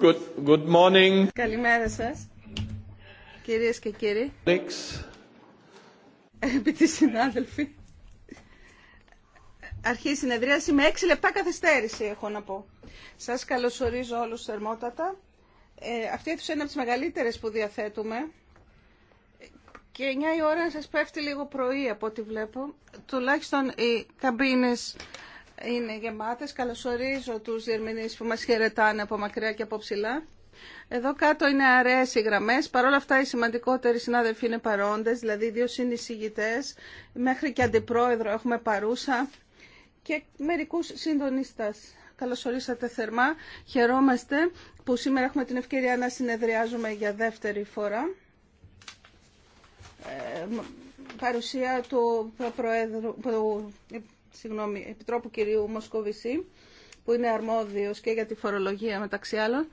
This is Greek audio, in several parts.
Good, good morning. Καλημέρα σας, κυρίες και κύριοι. Επί συνάδελφη Αρχή συνεδρίαση με έξι λεπτά καθυστέρηση έχω να πω. Σας καλωσορίζω όλους θερμότατα. Ε, αυτή αίθουσα είναι από τις μεγαλύτερες που διαθέτουμε. Και 9 η ώρα σας πέφτει λίγο πρωί από ό,τι βλέπω. Τουλάχιστον οι καμπίνες είναι γεμάτες. Καλωσορίζω τους διερμηνείς που μας χαιρετάνε από μακριά και από ψηλά. Εδώ κάτω είναι αραιές οι γραμμές. Παρ' όλα αυτά οι σημαντικότεροι συνάδελφοι είναι παρόντες, δηλαδή δύο συνεισηγητές, μέχρι και αντιπρόεδρο έχουμε παρούσα και μερικούς συντονίστας. Καλωσορίσατε θερμά. Χαιρόμαστε που σήμερα έχουμε την ευκαιρία να συνεδριάζουμε για δεύτερη φορά. Ε, παρουσία του Προέδρου, συγγνώμη, Επιτρόπου κυρίου Μοσκοβισή, που είναι αρμόδιος και για τη φορολογία μεταξύ άλλων,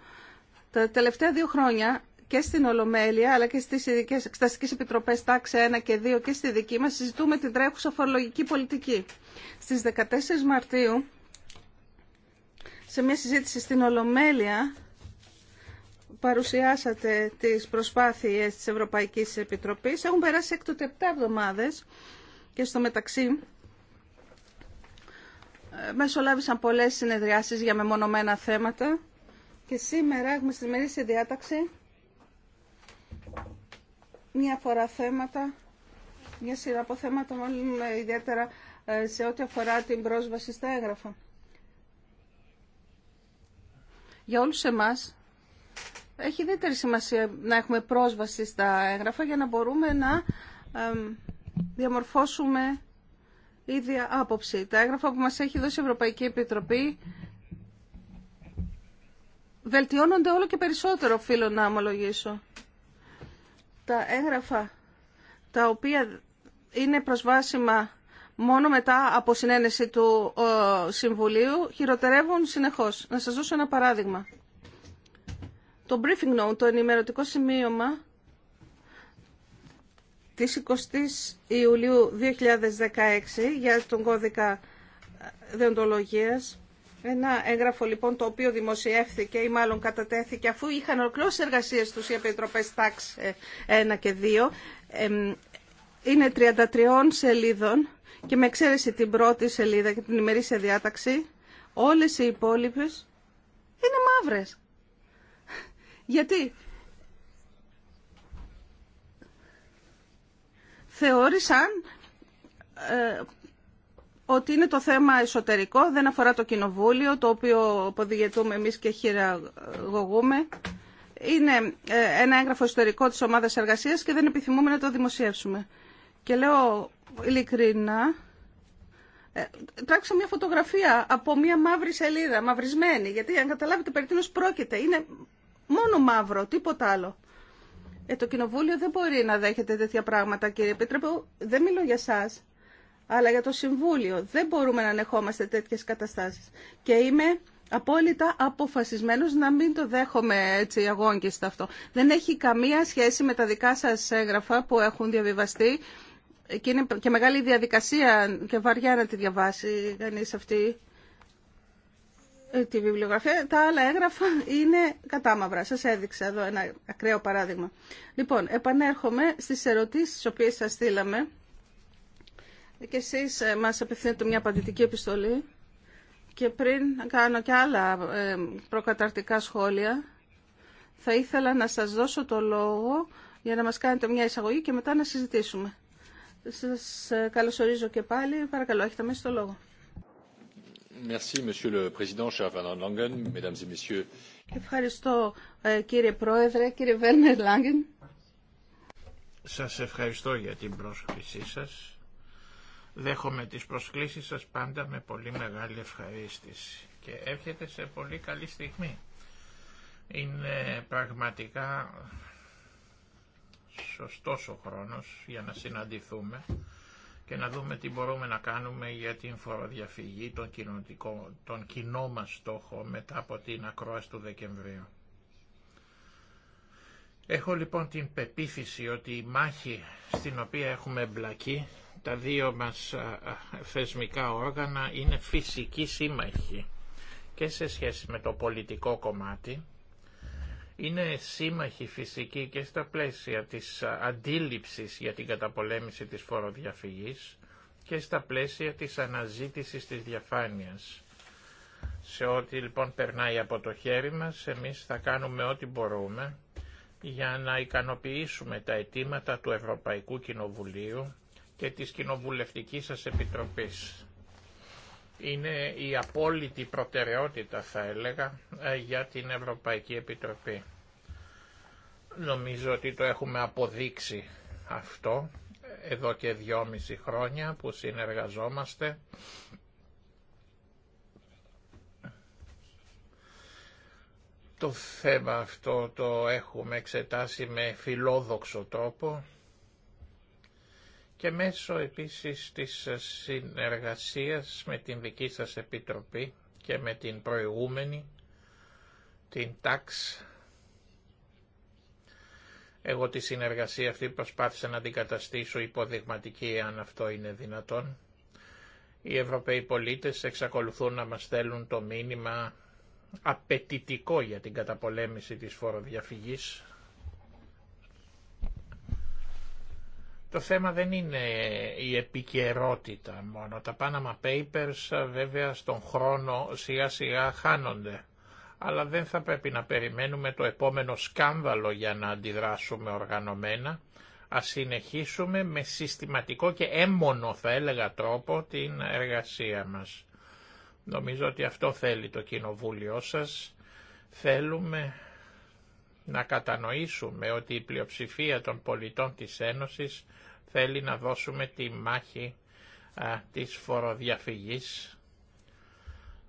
τα τελευταία δύο χρόνια και στην Ολομέλεια αλλά και στις ειδικές εξεταστικές επιτροπές τάξη 1 και 2 και στη δική μας συζητούμε την τρέχουσα φορολογική πολιτική. Στις 14 Μαρτίου σε μια συζήτηση στην Ολομέλεια παρουσιάσατε τις προσπάθειες της Ευρωπαϊκής Επιτροπής. Έχουν περάσει έκτοτε 7 εβδομάδες και στο μεταξύ μεσολάβησαν πολλές συνεδριάσεις για μεμονωμένα θέματα και σήμερα έχουμε στη μερίσια διάταξη μια φορά θέματα, μια σειρά από θέματα μάλλον ε, ιδιαίτερα ε, σε ό,τι αφορά την πρόσβαση στα έγγραφα. Για όλους εμάς έχει ιδιαίτερη σημασία να έχουμε πρόσβαση στα έγγραφα για να μπορούμε να διαμορφώσουμε ίδια άποψη. Τα έγγραφα που μας έχει δώσει η Ευρωπαϊκή Επιτροπή βελτιώνονται όλο και περισσότερο, φίλο, να ομολογήσω. Τα έγγραφα τα οποία είναι προσβάσιμα μόνο μετά από συνένεση του ε, Συμβουλίου χειροτερεύουν συνεχώς. Να σας δώσω ένα παράδειγμα. Το briefing note, το ενημερωτικό σημείωμα, της 20ης Ιουλίου 2016 για τον κώδικα δεοντολογίας. Ένα έγγραφο λοιπόν το οποίο δημοσιεύθηκε ή μάλλον κατατέθηκε αφού είχαν ολοκλώσει εργασίες τους οι επιτροπές Ταξ 1 ε, και 2. Είναι 33 σελίδων και με εξαίρεση την πρώτη σελίδα και την ημερήσια διάταξη όλες οι υπόλοιπες είναι μαύρες. Γιατί θεώρησαν ε, ότι είναι το θέμα εσωτερικό, δεν αφορά το κοινοβούλιο, το οποίο αποδηγετούμε εμείς και χειραγωγούμε. Είναι ε, ένα έγγραφο εσωτερικό της ομάδας εργασίας και δεν επιθυμούμε να το δημοσιεύσουμε. Και λέω ειλικρινά, ε, τράξα μια φωτογραφία από μια μαύρη σελίδα, μαυρισμένη, γιατί αν καταλάβετε περί τίνος πρόκειται, είναι μόνο μαύρο, τίποτα άλλο. Ε, το Κοινοβούλιο δεν μπορεί να δέχεται τέτοια πράγματα, κύριε Επίτροπε. Δεν μιλώ για εσά, αλλά για το Συμβούλιο. Δεν μπορούμε να ανεχόμαστε τέτοιε καταστάσεις. Και είμαι απόλυτα αποφασισμένος να μην το δέχομαι έτσι σε αυτό. Δεν έχει καμία σχέση με τα δικά σα έγγραφα που έχουν διαβιβαστεί και είναι και μεγάλη διαδικασία και βαριά να τη διαβάσει κανεί αυτή ε, τη βιβλιογραφία. Τα άλλα έγγραφα είναι κατάμαυρα. Σας έδειξα εδώ ένα ακραίο παράδειγμα. Λοιπόν, επανέρχομαι στις ερωτήσεις τις οποίες σας στείλαμε. Και εσείς ε, μας απευθύνετε μια απαντητική επιστολή. Και πριν κάνω και άλλα ε, προκαταρτικά σχόλια, θα ήθελα να σας δώσω το λόγο για να μας κάνετε μια εισαγωγή και μετά να συζητήσουμε. Σας καλωσορίζω και πάλι. Παρακαλώ, έχετε μέσα το λόγο. Ευχαριστώ κύριε Πρόεδρε, κύριε Βέρνερ Λάγκεν. Σας ευχαριστώ για την πρόσκλησή σας. Δέχομαι τις προσκλήσεις σας πάντα με πολύ μεγάλη ευχαρίστηση και έρχεται σε πολύ καλή στιγμή. Είναι πραγματικά σωστός ο χρόνος για να συναντηθούμε και να δούμε τι μπορούμε να κάνουμε για την φοροδιαφυγή, τον, τον κοινό μας στόχο μετά από την ακρόαση του Δεκεμβρίου. Έχω λοιπόν την πεποίθηση ότι η μάχη στην οποία έχουμε εμπλακεί, τα δύο μας θεσμικά όργανα είναι φυσική σύμμαχη και σε σχέση με το πολιτικό κομμάτι, είναι σύμμαχοι φυσικοί και στα πλαίσια της αντίληψης για την καταπολέμηση της φοροδιαφυγής και στα πλαίσια της αναζήτησης της διαφάνειας. Σε ό,τι λοιπόν περνάει από το χέρι μας, εμείς θα κάνουμε ό,τι μπορούμε για να ικανοποιήσουμε τα αιτήματα του Ευρωπαϊκού Κοινοβουλίου και της Κοινοβουλευτικής σας Επιτροπής είναι η απόλυτη προτεραιότητα θα έλεγα ε, για την Ευρωπαϊκή Επιτροπή. Νομίζω ότι το έχουμε αποδείξει αυτό εδώ και δυόμιση χρόνια που συνεργαζόμαστε Το θέμα αυτό το έχουμε εξετάσει με φιλόδοξο τρόπο και μέσω επίσης της συνεργασίας με την δική σας Επιτροπή και με την προηγούμενη, την ΤΑΞ, εγώ τη συνεργασία αυτή προσπάθησα να την καταστήσω υποδειγματική αν αυτό είναι δυνατόν. Οι Ευρωπαίοι πολίτες εξακολουθούν να μας στέλνουν το μήνυμα απαιτητικό για την καταπολέμηση της φοροδιαφυγής Το θέμα δεν είναι η επικαιρότητα μόνο. Τα Panama Papers βέβαια στον χρόνο σιγά σιγά χάνονται. Αλλά δεν θα πρέπει να περιμένουμε το επόμενο σκάνδαλο για να αντιδράσουμε οργανωμένα. Ας συνεχίσουμε με συστηματικό και έμμονο θα έλεγα τρόπο την εργασία μας. Νομίζω ότι αυτό θέλει το κοινοβούλιο σας. Θέλουμε να κατανοήσουμε ότι η πλειοψηφία των πολιτών της Ένωσης θέλει να δώσουμε τη μάχη α, της φοροδιαφυγής.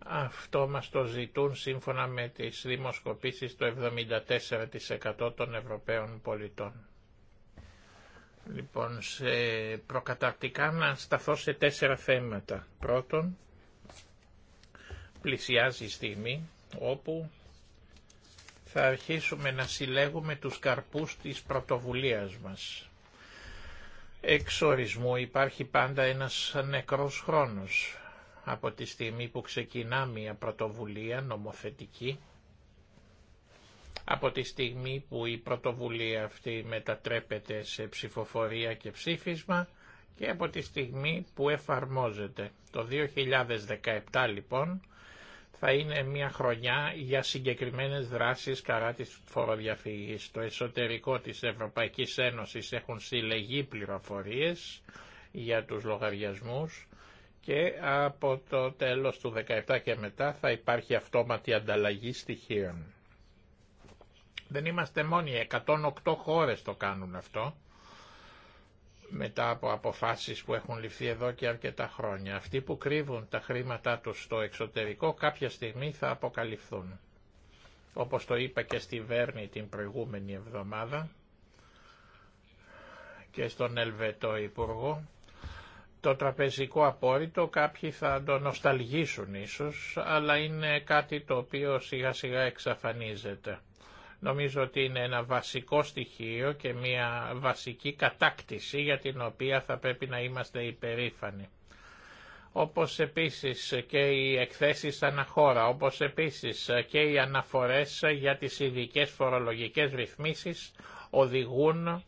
Αυτό μας το ζητούν σύμφωνα με τις δημοσκοπήσεις το 74% των Ευρωπαίων πολιτών. Λοιπόν, σε προκαταρτικά να σταθώ σε τέσσερα θέματα. Πρώτον, πλησιάζει η στιγμή όπου θα αρχίσουμε να συλλέγουμε τους καρπούς της πρωτοβουλίας μας εξορισμού υπάρχει πάντα ένας νεκρός χρόνος. Από τη στιγμή που ξεκινά μια πρωτοβουλία νομοθετική, από τη στιγμή που η πρωτοβουλία αυτή μετατρέπεται σε ψηφοφορία και ψήφισμα και από τη στιγμή που εφαρμόζεται. Το 2017 λοιπόν θα είναι μια χρονιά για συγκεκριμένες δράσεις καρά της φοροδιαφυγής. Το εσωτερικό της Ευρωπαϊκής Ένωσης έχουν συλλεγεί πληροφορίες για τους λογαριασμούς και από το τέλος του 17 και μετά θα υπάρχει αυτόματη ανταλλαγή στοιχείων. Δεν είμαστε μόνοι, 108 χώρες το κάνουν αυτό μετά από αποφάσεις που έχουν ληφθεί εδώ και αρκετά χρόνια. Αυτοί που κρύβουν τα χρήματά τους στο εξωτερικό κάποια στιγμή θα αποκαλυφθούν. Όπως το είπα και στη Βέρνη την προηγούμενη εβδομάδα και στον Ελβετό Υπουργό, το τραπεζικό απόρριτο κάποιοι θα το νοσταλγήσουν ίσως, αλλά είναι κάτι το οποίο σιγά σιγά εξαφανίζεται. Νομίζω ότι είναι ένα βασικό στοιχείο και μια βασική κατάκτηση για την οποία θα πρέπει να είμαστε υπερήφανοι. Όπως επίσης και οι εκθέσεις αναχώρα, όπως επίσης και οι αναφορές για τις ειδικέ φορολογικές ρυθμίσεις οδηγούν ε,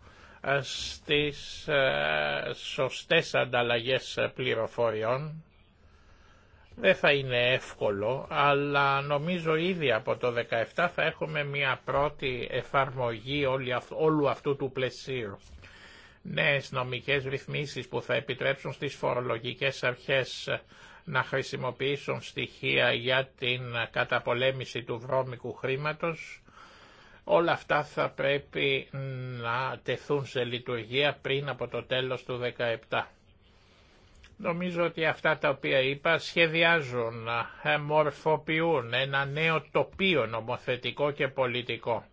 στις ε, σωστές ανταλλαγές πληροφοριών δεν θα είναι εύκολο, αλλά νομίζω ήδη από το 2017 θα έχουμε μια πρώτη εφαρμογή όλου αυτού του πλαισίου. Νέες νομικές ρυθμίσεις που θα επιτρέψουν στις φορολογικές αρχές να χρησιμοποιήσουν στοιχεία για την καταπολέμηση του βρώμικου χρήματος. Όλα αυτά θα πρέπει να τεθούν σε λειτουργία πριν από το τέλος του 2017. Νομίζω ότι αυτά τα οποία είπα σχεδιάζουν, ε, μορφοποιούν ένα νέο τοπίο νομοθετικό και πολιτικό.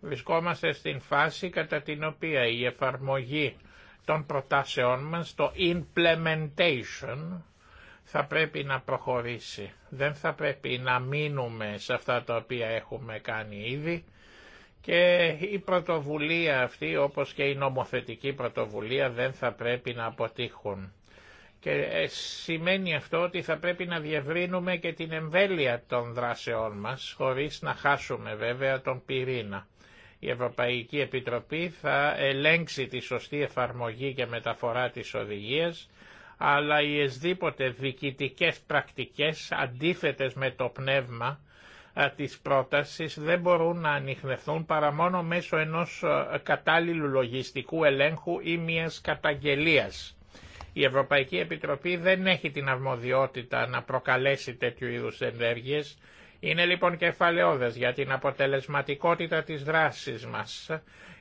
Βρισκόμαστε στην φάση κατά την οποία η εφαρμογή των προτάσεών μας, το implementation, θα πρέπει να προχωρήσει. Δεν θα πρέπει να μείνουμε σε αυτά τα οποία έχουμε κάνει ήδη και η πρωτοβουλία αυτή όπως και η νομοθετική πρωτοβουλία δεν θα πρέπει να αποτύχουν. Και ε, σημαίνει αυτό ότι θα πρέπει να διευρύνουμε και την εμβέλεια των δράσεών μας, χωρίς να χάσουμε βέβαια τον πυρήνα. Η Ευρωπαϊκή Επιτροπή θα ελέγξει τη σωστή εφαρμογή και μεταφορά της οδηγίας, αλλά οι εσδήποτε δικητικές πρακτικές αντίθετες με το πνεύμα ε, της πρότασης δεν μπορούν να ανοιχνευθούν παρά μόνο μέσω ενός ε, κατάλληλου λογιστικού ελέγχου ή μιας καταγγελίας. Η Ευρωπαϊκή Επιτροπή δεν έχει την αρμοδιότητα να προκαλέσει τέτοιου είδους ενέργειες. Είναι λοιπόν κεφαλαιόδες για την αποτελεσματικότητα της δράσης μας.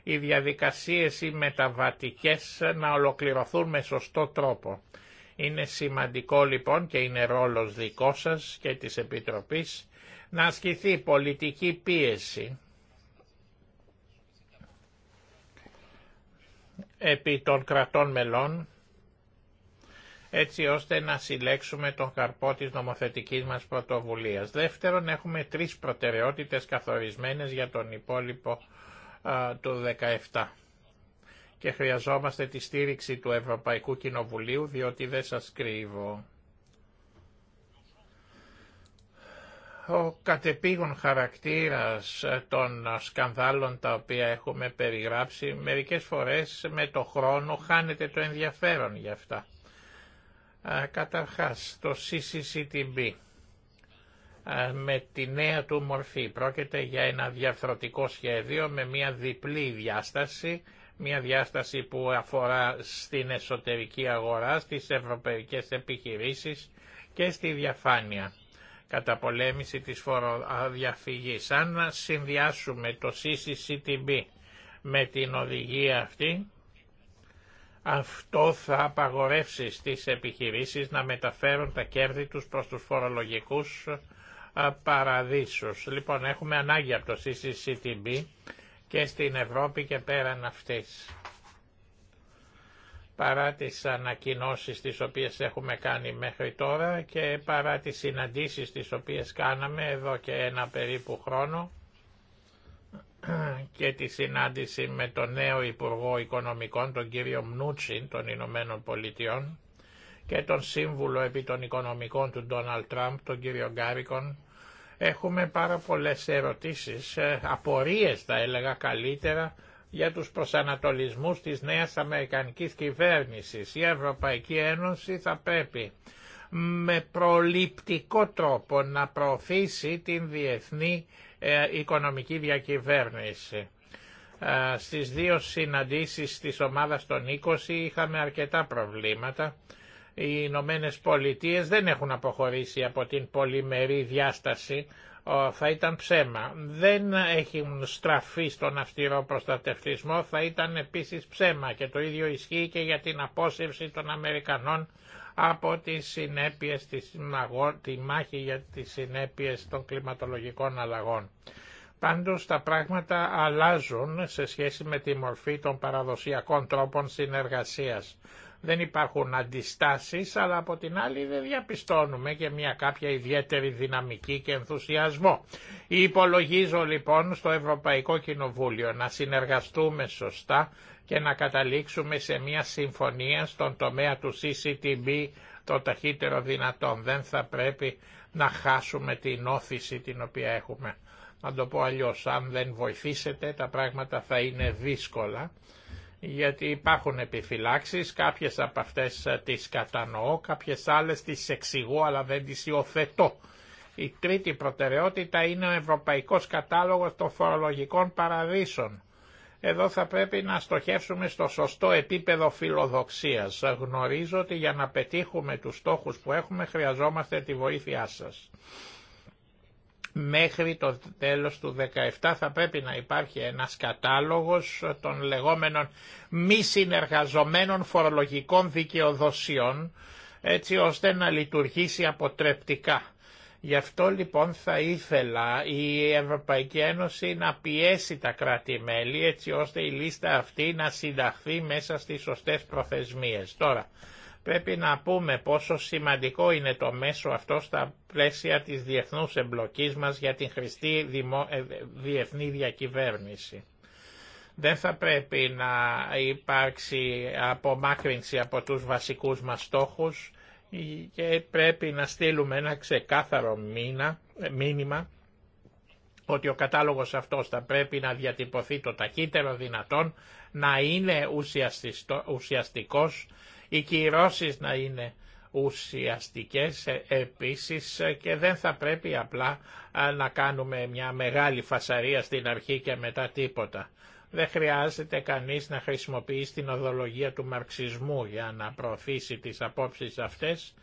Οι διαδικασίες οι μεταβατικές να ολοκληρωθούν με σωστό τρόπο. Είναι σημαντικό λοιπόν και είναι ρόλος δικό σας και της Επιτροπής να ασκηθεί πολιτική πίεση επί των κρατών μελών έτσι ώστε να συλλέξουμε τον καρπό της νομοθετικής μας πρωτοβουλίας. Δεύτερον, έχουμε τρεις προτεραιότητες καθορισμένες για τον υπόλοιπο του 17 και χρειαζόμαστε τη στήριξη του Ευρωπαϊκού Κοινοβουλίου, διότι δεν σας κρύβω. Ο κατεπήγων χαρακτήρας των σκανδάλων τα οποία έχουμε περιγράψει, μερικές φορές με το χρόνο χάνεται το ενδιαφέρον για αυτά. Καταρχάς, το CCCTB με τη νέα του μορφή πρόκειται για ένα διαφθρωτικό σχέδιο με μια διπλή διάσταση, μια διάσταση που αφορά στην εσωτερική αγορά, στις ευρωπαϊκές επιχειρήσεις και στη διαφάνεια κατά καταπολέμηση της φοροδιαφυγής. Αν συνδυάσουμε το CCCTB με την οδηγία αυτή, αυτό θα απαγορεύσει στις επιχειρήσεις να μεταφέρουν τα κέρδη τους προς τους φορολογικούς παραδείσους. Λοιπόν, έχουμε ανάγκη από το CCCTB και στην Ευρώπη και πέραν αυτής. Παρά τις ανακοινώσεις τις οποίες έχουμε κάνει μέχρι τώρα και παρά τις συναντήσεις τις οποίες κάναμε εδώ και ένα περίπου χρόνο, και τη συνάντηση με τον νέο Υπουργό Οικονομικών, τον κύριο Μνούτσιν των Ηνωμένων Πολιτειών και τον Σύμβουλο επί των Οικονομικών του Ντόναλτ Τραμπ, τον κύριο Γκάρικον, έχουμε πάρα πολλές ερωτήσεις, ε, απορίες θα έλεγα καλύτερα, για τους προσανατολισμούς της νέας Αμερικανικής κυβέρνησης. Η Ευρωπαϊκή Ένωση θα πρέπει με προληπτικό τρόπο να προωθήσει την διεθνή ε, οικονομική διακυβέρνηση. Ε, στις δύο συναντήσεις της ομάδας των 20 είχαμε αρκετά προβλήματα. Οι Ηνωμένε Πολιτείε δεν έχουν αποχωρήσει από την πολυμερή διάσταση, θα ήταν ψέμα. Δεν έχουν στραφεί στον αυστηρό προστατευτισμό, θα ήταν επίσης ψέμα και το ίδιο ισχύει και για την απόσυρση των Αμερικανών από τις συνέπειες της, τη μάχη για τις συνέπειες των κλιματολογικών αλλαγών. Πάντως τα πράγματα αλλάζουν σε σχέση με τη μορφή των παραδοσιακών τρόπων συνεργασίας δεν υπάρχουν αντιστάσεις, αλλά από την άλλη δεν διαπιστώνουμε και μια κάποια ιδιαίτερη δυναμική και ενθουσιασμό. Υπολογίζω λοιπόν στο Ευρωπαϊκό Κοινοβούλιο να συνεργαστούμε σωστά και να καταλήξουμε σε μια συμφωνία στον τομέα του CCTB το ταχύτερο δυνατόν. Δεν θα πρέπει να χάσουμε την όθηση την οποία έχουμε. Να το πω αλλιώς, αν δεν βοηθήσετε τα πράγματα θα είναι δύσκολα γιατί υπάρχουν επιφυλάξεις, κάποιες από αυτές ε, τις κατανοώ, κάποιες άλλες τις εξηγώ αλλά δεν τις υιοθετώ. Η τρίτη προτεραιότητα είναι ο Ευρωπαϊκός Κατάλογος των Φορολογικών Παραδείσων. Εδώ θα πρέπει να στοχεύσουμε στο σωστό επίπεδο φιλοδοξίας. Γνωρίζω ότι για να πετύχουμε τους στόχους που έχουμε χρειαζόμαστε τη βοήθειά σας μέχρι το τέλος του 2017 θα πρέπει να υπάρχει ένας κατάλογος των λεγόμενων μη συνεργαζομένων φορολογικών δικαιοδοσιών έτσι ώστε να λειτουργήσει αποτρεπτικά. Γι' αυτό λοιπόν θα ήθελα η Ευρωπαϊκή Ένωση να πιέσει τα κράτη-μέλη έτσι ώστε η λίστα αυτή να συνταχθεί μέσα στις σωστές προθεσμίες. Τώρα, Πρέπει να πούμε πόσο σημαντικό είναι το μέσο αυτό στα πλαίσια της διεθνούς εμπλοκής μας για την χρηστή ε, διεθνή διακυβέρνηση. Δεν θα πρέπει να υπάρξει απομάκρυνση από τους βασικούς μας στόχους και πρέπει να στείλουμε ένα ξεκάθαρο ε, μήνυμα ότι ο κατάλογος αυτός θα πρέπει να διατυπωθεί το ταχύτερο δυνατόν, να είναι ουσιαστικός, οι κυρώσεις να είναι ουσιαστικές ε, επίσης ε, και δεν θα πρέπει απλά ε, να κάνουμε μια μεγάλη φασαρία στην αρχή και μετά τίποτα. Δεν χρειάζεται κανείς να χρησιμοποιεί την οδολογία του μαρξισμού για να προωθήσει τις απόψεις αυτές.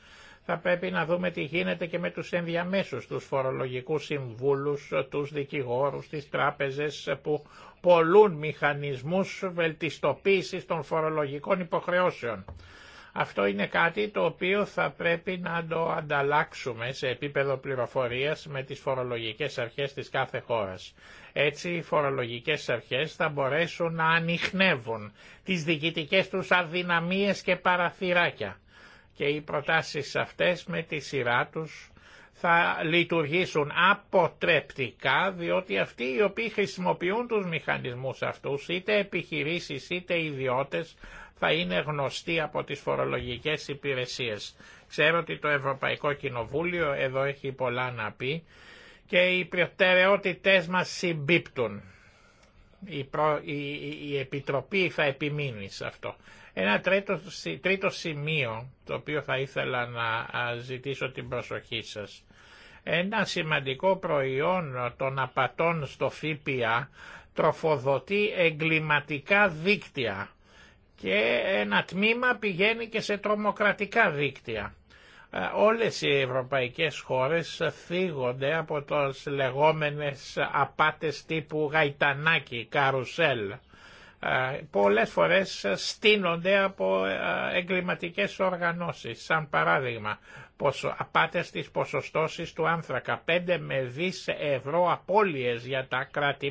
Θα πρέπει να δούμε τι γίνεται και με τους ενδιαμέσους, τους φορολογικούς συμβούλους, τους δικηγόρους, τις τράπεζες που πολλούν μηχανισμούς βελτιστοποίησης των φορολογικών υποχρεώσεων. Αυτό είναι κάτι το οποίο θα πρέπει να το ανταλλάξουμε σε επίπεδο πληροφορίας με τις φορολογικές αρχές της κάθε χώρας. Έτσι οι φορολογικές αρχές θα μπορέσουν να ανοιχνεύουν τις διοικητικές τους αδυναμίες και παραθυράκια. Και οι προτάσεις αυτές με τη σειρά τους θα λειτουργήσουν αποτρεπτικά, διότι αυτοί οι οποίοι χρησιμοποιούν τους μηχανισμούς αυτούς, είτε επιχειρήσεις είτε ιδιώτες, θα είναι γνωστή από τις φορολογικές υπηρεσίες. Ξέρω ότι το Ευρωπαϊκό Κοινοβούλιο εδώ έχει πολλά να πει και οι προτεραιότητές μας συμπίπτουν. Η, η, Επιτροπή θα επιμείνει σε αυτό. Ένα τρίτο, σημείο το οποίο θα ήθελα να ζητήσω την προσοχή σας. Ένα σημαντικό προϊόν των απατών στο ΦΠΑ τροφοδοτεί εγκληματικά δίκτυα και ένα τμήμα πηγαίνει και σε τρομοκρατικά δίκτυα. Ε, όλες οι ευρωπαϊκές χώρες φύγονται από τις λεγόμενες απάτες τύπου γαϊτανάκι, καρουσέλ. Ε, πολλές φορές στείνονται από ε, εγκληματικές οργανώσεις. Σαν παράδειγμα, απάτες της ποσοστώσης του άνθρακα, 5 με δις ευρώ απώλειες για τα κρατη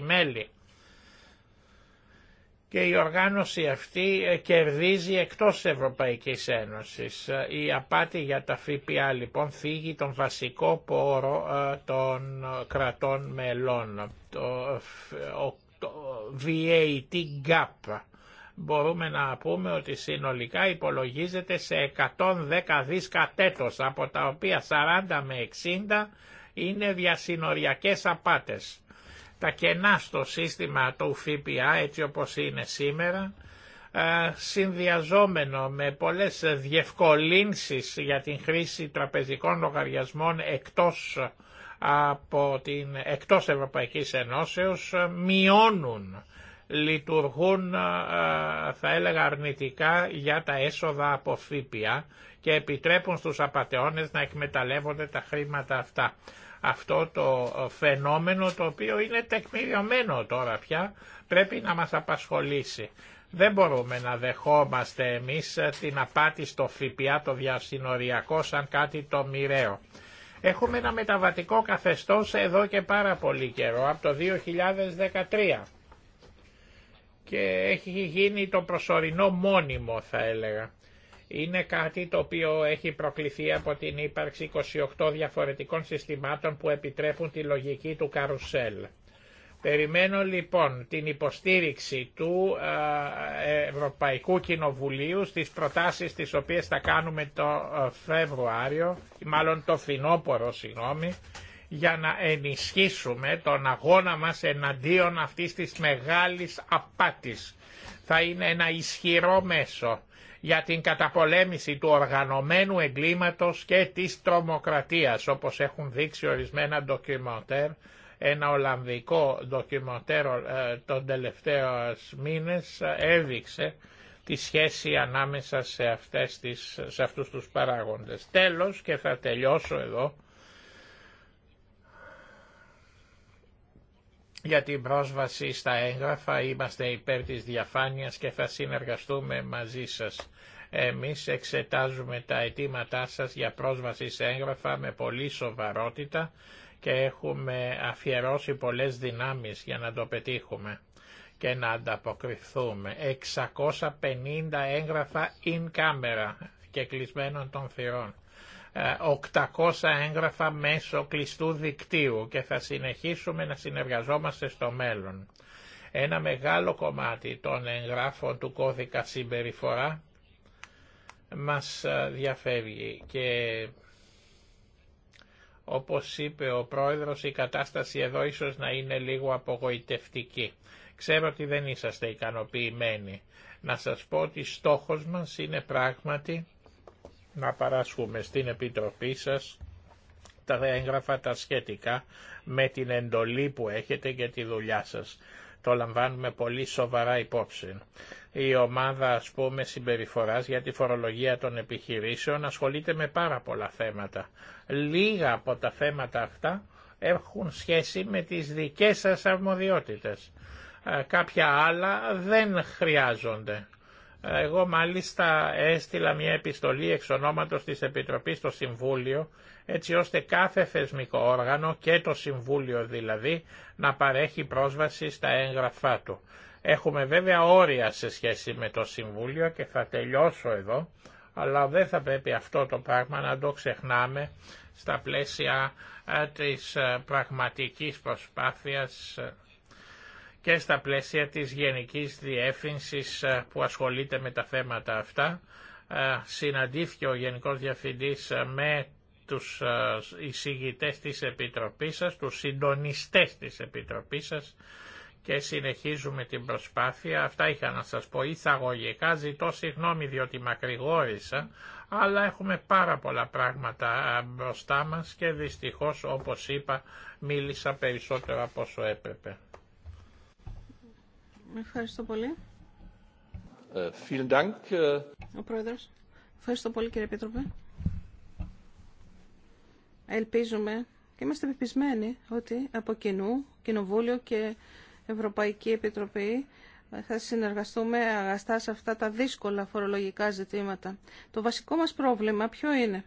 και η οργάνωση αυτή ε, κερδίζει εκτός Ευρωπαϊκής Ένωσης. Ε, η απάτη για τα ΦΠΑ λοιπόν φύγει τον βασικό πόρο ε, των κρατών μελών, το VAT gap. Μπορούμε να πούμε ότι συνολικά υπολογίζεται σε 110 δις κατέτος, από τα οποία 40 με 60 είναι διασυνοριακές απάτες τα κενά στο σύστημα του ΦΠΑ έτσι όπως είναι σήμερα, ε, συνδυαζόμενο με πολλές διευκολύνσεις για την χρήση τραπεζικών λογαριασμών εκτός, ε, από την, εκτός Ευρωπαϊκής Ενώσεως, ε, μειώνουν, λειτουργούν θα έλεγα αρνητικά για τα έσοδα από ΦΠΑ και επιτρέπουν στους απαταιώνες να εκμεταλλεύονται τα χρήματα αυτά αυτό το φαινόμενο το οποίο είναι τεκμηριωμένο τώρα πια πρέπει να μας απασχολήσει. Δεν μπορούμε να δεχόμαστε εμείς ε, την απάτη στο ΦΠΑ το διασυνοριακό σαν κάτι το μοιραίο. Έχουμε ένα μεταβατικό καθεστώς εδώ και πάρα πολύ καιρό, από το 2013. Και έχει γίνει το προσωρινό μόνιμο θα έλεγα είναι κάτι το οποίο έχει προκληθεί από την ύπαρξη 28 διαφορετικών συστημάτων που επιτρέπουν τη λογική του καρουσέλ. Περιμένω λοιπόν την υποστήριξη του ε, Ευρωπαϊκού Κοινοβουλίου στις προτάσεις τις οποίες θα κάνουμε το ε, Φεβρουάριο, μάλλον το Φινόπορο, συγγνώμη, για να ενισχύσουμε τον αγώνα μας εναντίον αυτής της μεγάλης απάτης. Θα είναι ένα ισχυρό μέσο για την καταπολέμηση του οργανωμένου εγκλήματος και της τρομοκρατίας, όπως έχουν δείξει ορισμένα ντοκιμοντέρ, ένα Ολλανδικό ντοκιμοντέρ ε, των τελευταίο μήνες έδειξε τη σχέση ανάμεσα σε, αυτές τις, σε αυτούς τους παράγοντες. Τέλος και θα τελειώσω εδώ Για την πρόσβαση στα έγγραφα είμαστε υπέρ της διαφάνειας και θα συνεργαστούμε μαζί σας. Εμείς εξετάζουμε τα αιτήματά σας για πρόσβαση σε έγγραφα με πολύ σοβαρότητα και έχουμε αφιερώσει πολλές δυνάμεις για να το πετύχουμε και να ανταποκριθούμε. 650 έγγραφα in camera και κλεισμένων των θυρών. 800 έγγραφα μέσω κλειστού δικτύου και θα συνεχίσουμε να συνεργαζόμαστε στο μέλλον. Ένα μεγάλο κομμάτι των εγγράφων του κώδικα συμπεριφορά μας ε, διαφεύγει και όπως είπε ο πρόεδρος η κατάσταση εδώ ίσως να είναι λίγο απογοητευτική. Ξέρω ότι δεν είσαστε ικανοποιημένοι. Να σας πω ότι στόχος μας είναι πράγματι να παράσχουμε στην Επιτροπή σας τα έγγραφα τα σχετικά με την εντολή που έχετε για τη δουλειά σας. Το λαμβάνουμε πολύ σοβαρά υπόψη. Η ομάδα ας πούμε συμπεριφοράς για τη φορολογία των επιχειρήσεων ασχολείται με πάρα πολλά θέματα. Λίγα από τα θέματα αυτά έχουν σχέση με τις δικές σας αρμοδιότητες. Ε, κάποια άλλα δεν χρειάζονται. Εγώ μάλιστα έστειλα μια επιστολή εξ ονόματος της Επιτροπής στο Συμβούλιο, έτσι ώστε κάθε θεσμικό όργανο και το Συμβούλιο δηλαδή να παρέχει πρόσβαση στα έγγραφά του. Έχουμε βέβαια όρια σε σχέση με το Συμβούλιο και θα τελειώσω εδώ, αλλά δεν θα πρέπει αυτό το πράγμα να το ξεχνάμε στα πλαίσια ε, της ε, πραγματικής προσπάθειας ε, και στα πλαίσια της Γενικής Διεύθυνσης ε, που ασχολείται με τα θέματα αυτά. Ε, συναντήθηκε ο Γενικός Διευθυντής ε, με τους εισηγητές της Επιτροπής σας, τους συντονιστές της Επιτροπής σας και συνεχίζουμε την προσπάθεια. Αυτά είχα να σας πω εισαγωγικά, ζητώ συγγνώμη διότι μακρηγόρησα, αλλά έχουμε πάρα πολλά πράγματα μπροστά μας και δυστυχώς όπως είπα μίλησα περισσότερο από όσο έπρεπε. Ευχαριστώ πολύ. Ε, ε. Ο Ευχαριστώ πολύ κύριε Επίτροπε. Ελπίζουμε και είμαστε πεπισμένοι ότι από κοινού, Κοινοβούλιο και Ευρωπαϊκή Επιτροπή θα συνεργαστούμε αγαστά σε αυτά τα δύσκολα φορολογικά ζητήματα. Το βασικό μας πρόβλημα ποιο είναι.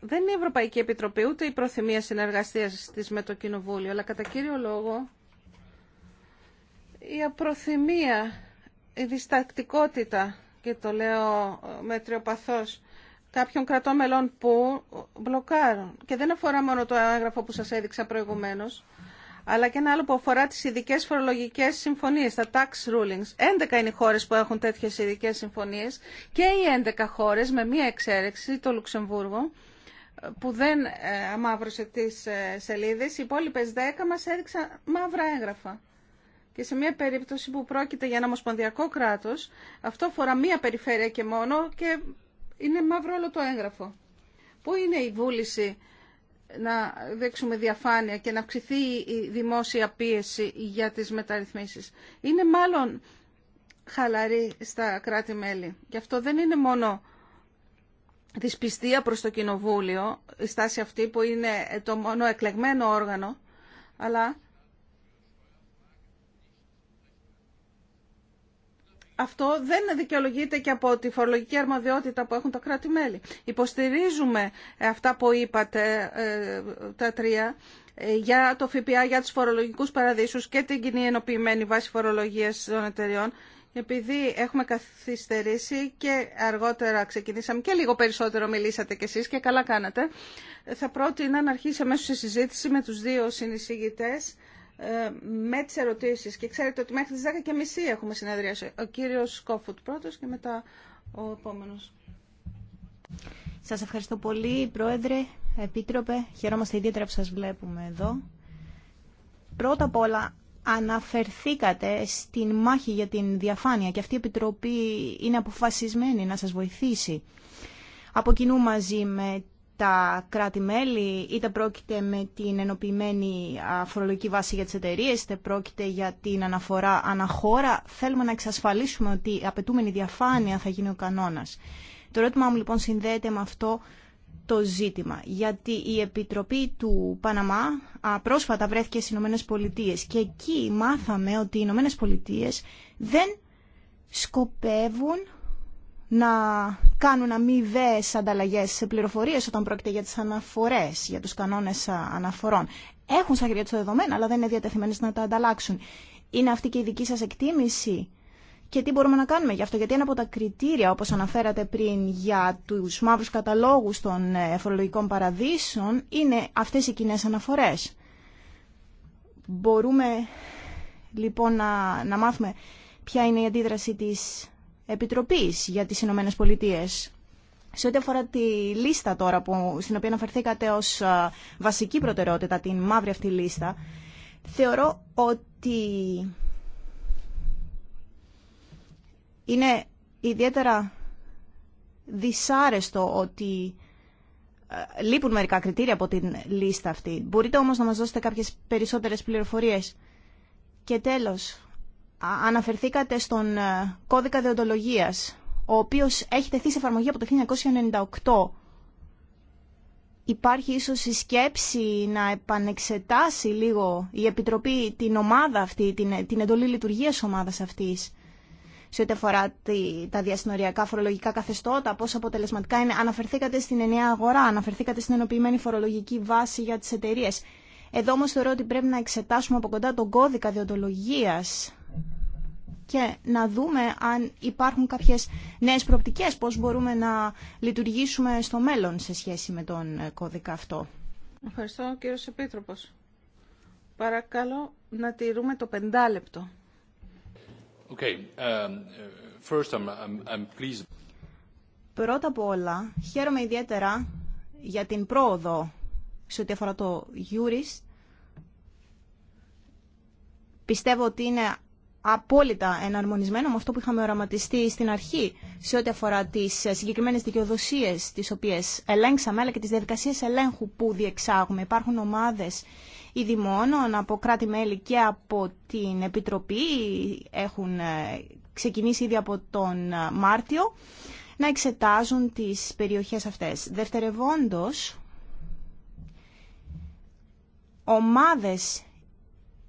Δεν είναι η Ευρωπαϊκή Επιτροπή ούτε η προθυμία συνεργασίας της με το Κοινοβούλιο, αλλά κατά κύριο λόγο η απροθυμία, η διστακτικότητα, και το λέω μετριοπαθώς, κάποιων κρατών μελών που μπλοκάρουν. Και δεν αφορά μόνο το έγγραφο που σας έδειξα προηγουμένως, αλλά και ένα άλλο που αφορά τις ειδικές φορολογικές συμφωνίες, τα tax rulings. 11 είναι οι χώρες που έχουν τέτοιες ειδικές συμφωνίες και οι 11 χώρες, με μία εξαίρεξη, το Λουξεμβούργο, που δεν ε, αμαύρωσε τις ε, σελίδες, οι υπόλοιπε 10 μας έδειξαν μαύρα έγγραφα. Και σε μια περίπτωση που πρόκειται για ένα ομοσπονδιακό κράτο, αυτό αφορά μία περιφέρεια και μόνο και είναι μαύρο όλο το έγγραφο. Πού είναι η βούληση να δείξουμε διαφάνεια και να αυξηθεί η δημόσια πίεση για τις μεταρρυθμίσεις. Είναι μάλλον χαλαρή στα κράτη-μέλη. Και αυτό δεν είναι μόνο δυσπιστία προς το Κοινοβούλιο, η στάση αυτή που είναι το μόνο εκλεγμένο όργανο, αλλά αυτό δεν δικαιολογείται και από τη φορολογική αρμοδιότητα που έχουν τα κράτη-μέλη. Υποστηρίζουμε αυτά που είπατε ε, τα τρία ε, για το ΦΠΑ, για τους φορολογικούς παραδείσους και την κοινή ενοποιημένη βάση φορολογίας των εταιριών επειδή έχουμε καθυστερήσει και αργότερα ξεκινήσαμε και λίγο περισσότερο μιλήσατε κι εσείς και καλά κάνατε, θα πρότεινα να αρχίσει αμέσως η συζήτηση με τους δύο συνεισηγητές ε, με τις ερωτήσεις και ξέρετε ότι μέχρι τις 10.30 έχουμε συνεδρίαση. Ο κύριος Σκόφουτ πρώτος και μετά ο επόμενος. Σας ευχαριστώ πολύ, Πρόεδρε, Επίτροπε. Χαιρόμαστε ιδιαίτερα που σας βλέπουμε εδώ. Πρώτα απ' όλα, αναφερθήκατε στην μάχη για την διαφάνεια και αυτή η Επιτροπή είναι αποφασισμένη να σας βοηθήσει. Από κοινού μαζί με τα κράτη-μέλη, είτε πρόκειται με την ενοποιημένη φορολογική βάση για τις εταιρείες, είτε πρόκειται για την αναφορά αναχώρα, θέλουμε να εξασφαλίσουμε ότι η απαιτούμενη διαφάνεια θα γίνει ο κανόνας. Το ερώτημά μου λοιπόν συνδέεται με αυτό το ζήτημα, γιατί η Επιτροπή του Παναμά πρόσφατα βρέθηκε στις Ηνωμένες Πολιτείες και εκεί μάθαμε ότι οι Ηνωμένες Πολιτείες δεν σκοπεύουν να κάνουν αμοιβέ ανταλλαγέ σε πληροφορίες όταν πρόκειται για τι αναφορέ, για του κανόνε αναφορών. Έχουν στα χέρια του τα δεδομένα, αλλά δεν είναι διατεθειμένες να τα ανταλλάξουν. Είναι αυτή και η δική σα εκτίμηση και τι μπορούμε να κάνουμε γι' αυτό. Γιατί ένα από τα κριτήρια, όπως αναφέρατε πριν, για τους μαύρους καταλόγους των ε, φορολογικών παραδείσων είναι αυτές οι κοινέ αναφορές. Μπορούμε λοιπόν να, να μάθουμε ποια είναι η αντίδραση της Επιτροπής για τις Ηνωμένε Πολιτείε. Σε ό,τι αφορά τη λίστα τώρα που, στην οποία αναφερθήκατε ως βασική προτεραιότητα, την μαύρη αυτή λίστα, θεωρώ ότι είναι ιδιαίτερα δυσάρεστο ότι λείπουν μερικά κριτήρια από την λίστα αυτή. Μπορείτε όμως να μας δώσετε κάποιες περισσότερες πληροφορίες. Και τέλος, αναφερθήκατε στον ε, κώδικα διοντολογίας ο οποίος έχει τεθεί σε εφαρμογή από το 1998. Υπάρχει ίσως η σκέψη να επανεξετάσει λίγο η Επιτροπή την ομάδα αυτή, την, την εντολή λειτουργίας ομάδας αυτής, σε ό,τι αφορά τη, τα διασυνοριακά φορολογικά καθεστώτα, πόσο αποτελεσματικά είναι. Αναφερθήκατε στην ενιαία αγορά, αναφερθήκατε στην ενοποιημένη φορολογική βάση για τις εταιρείε. Εδώ όμως θεωρώ ότι πρέπει να εξετάσουμε από κοντά τον κώδικα διοντολογίας και να δούμε αν υπάρχουν κάποιες νέες προοπτικές, πώς μπορούμε να λειτουργήσουμε στο μέλλον σε σχέση με τον κώδικα αυτό. Ευχαριστώ κύριος Επίτροπος. Παρακαλώ να τηρούμε το πεντάλεπτο. Okay. Um, first, I'm, I'm pleased. Πρώτα απ' όλα, χαίρομαι ιδιαίτερα για την πρόοδο σε ό,τι αφορά το Juris. Πιστεύω ότι είναι απόλυτα εναρμονισμένο με αυτό που είχαμε οραματιστεί στην αρχή σε ό,τι αφορά τις συγκεκριμένες δικαιοδοσίες τις οποίες ελέγξαμε αλλά και τις διαδικασίες ελέγχου που διεξάγουμε. Υπάρχουν ομάδες ειδημόνων από κράτη-μέλη και από την Επιτροπή έχουν ε, ξεκινήσει ήδη από τον ε, Μάρτιο να εξετάζουν τις περιοχές αυτές. Δευτερευόντως, ομάδες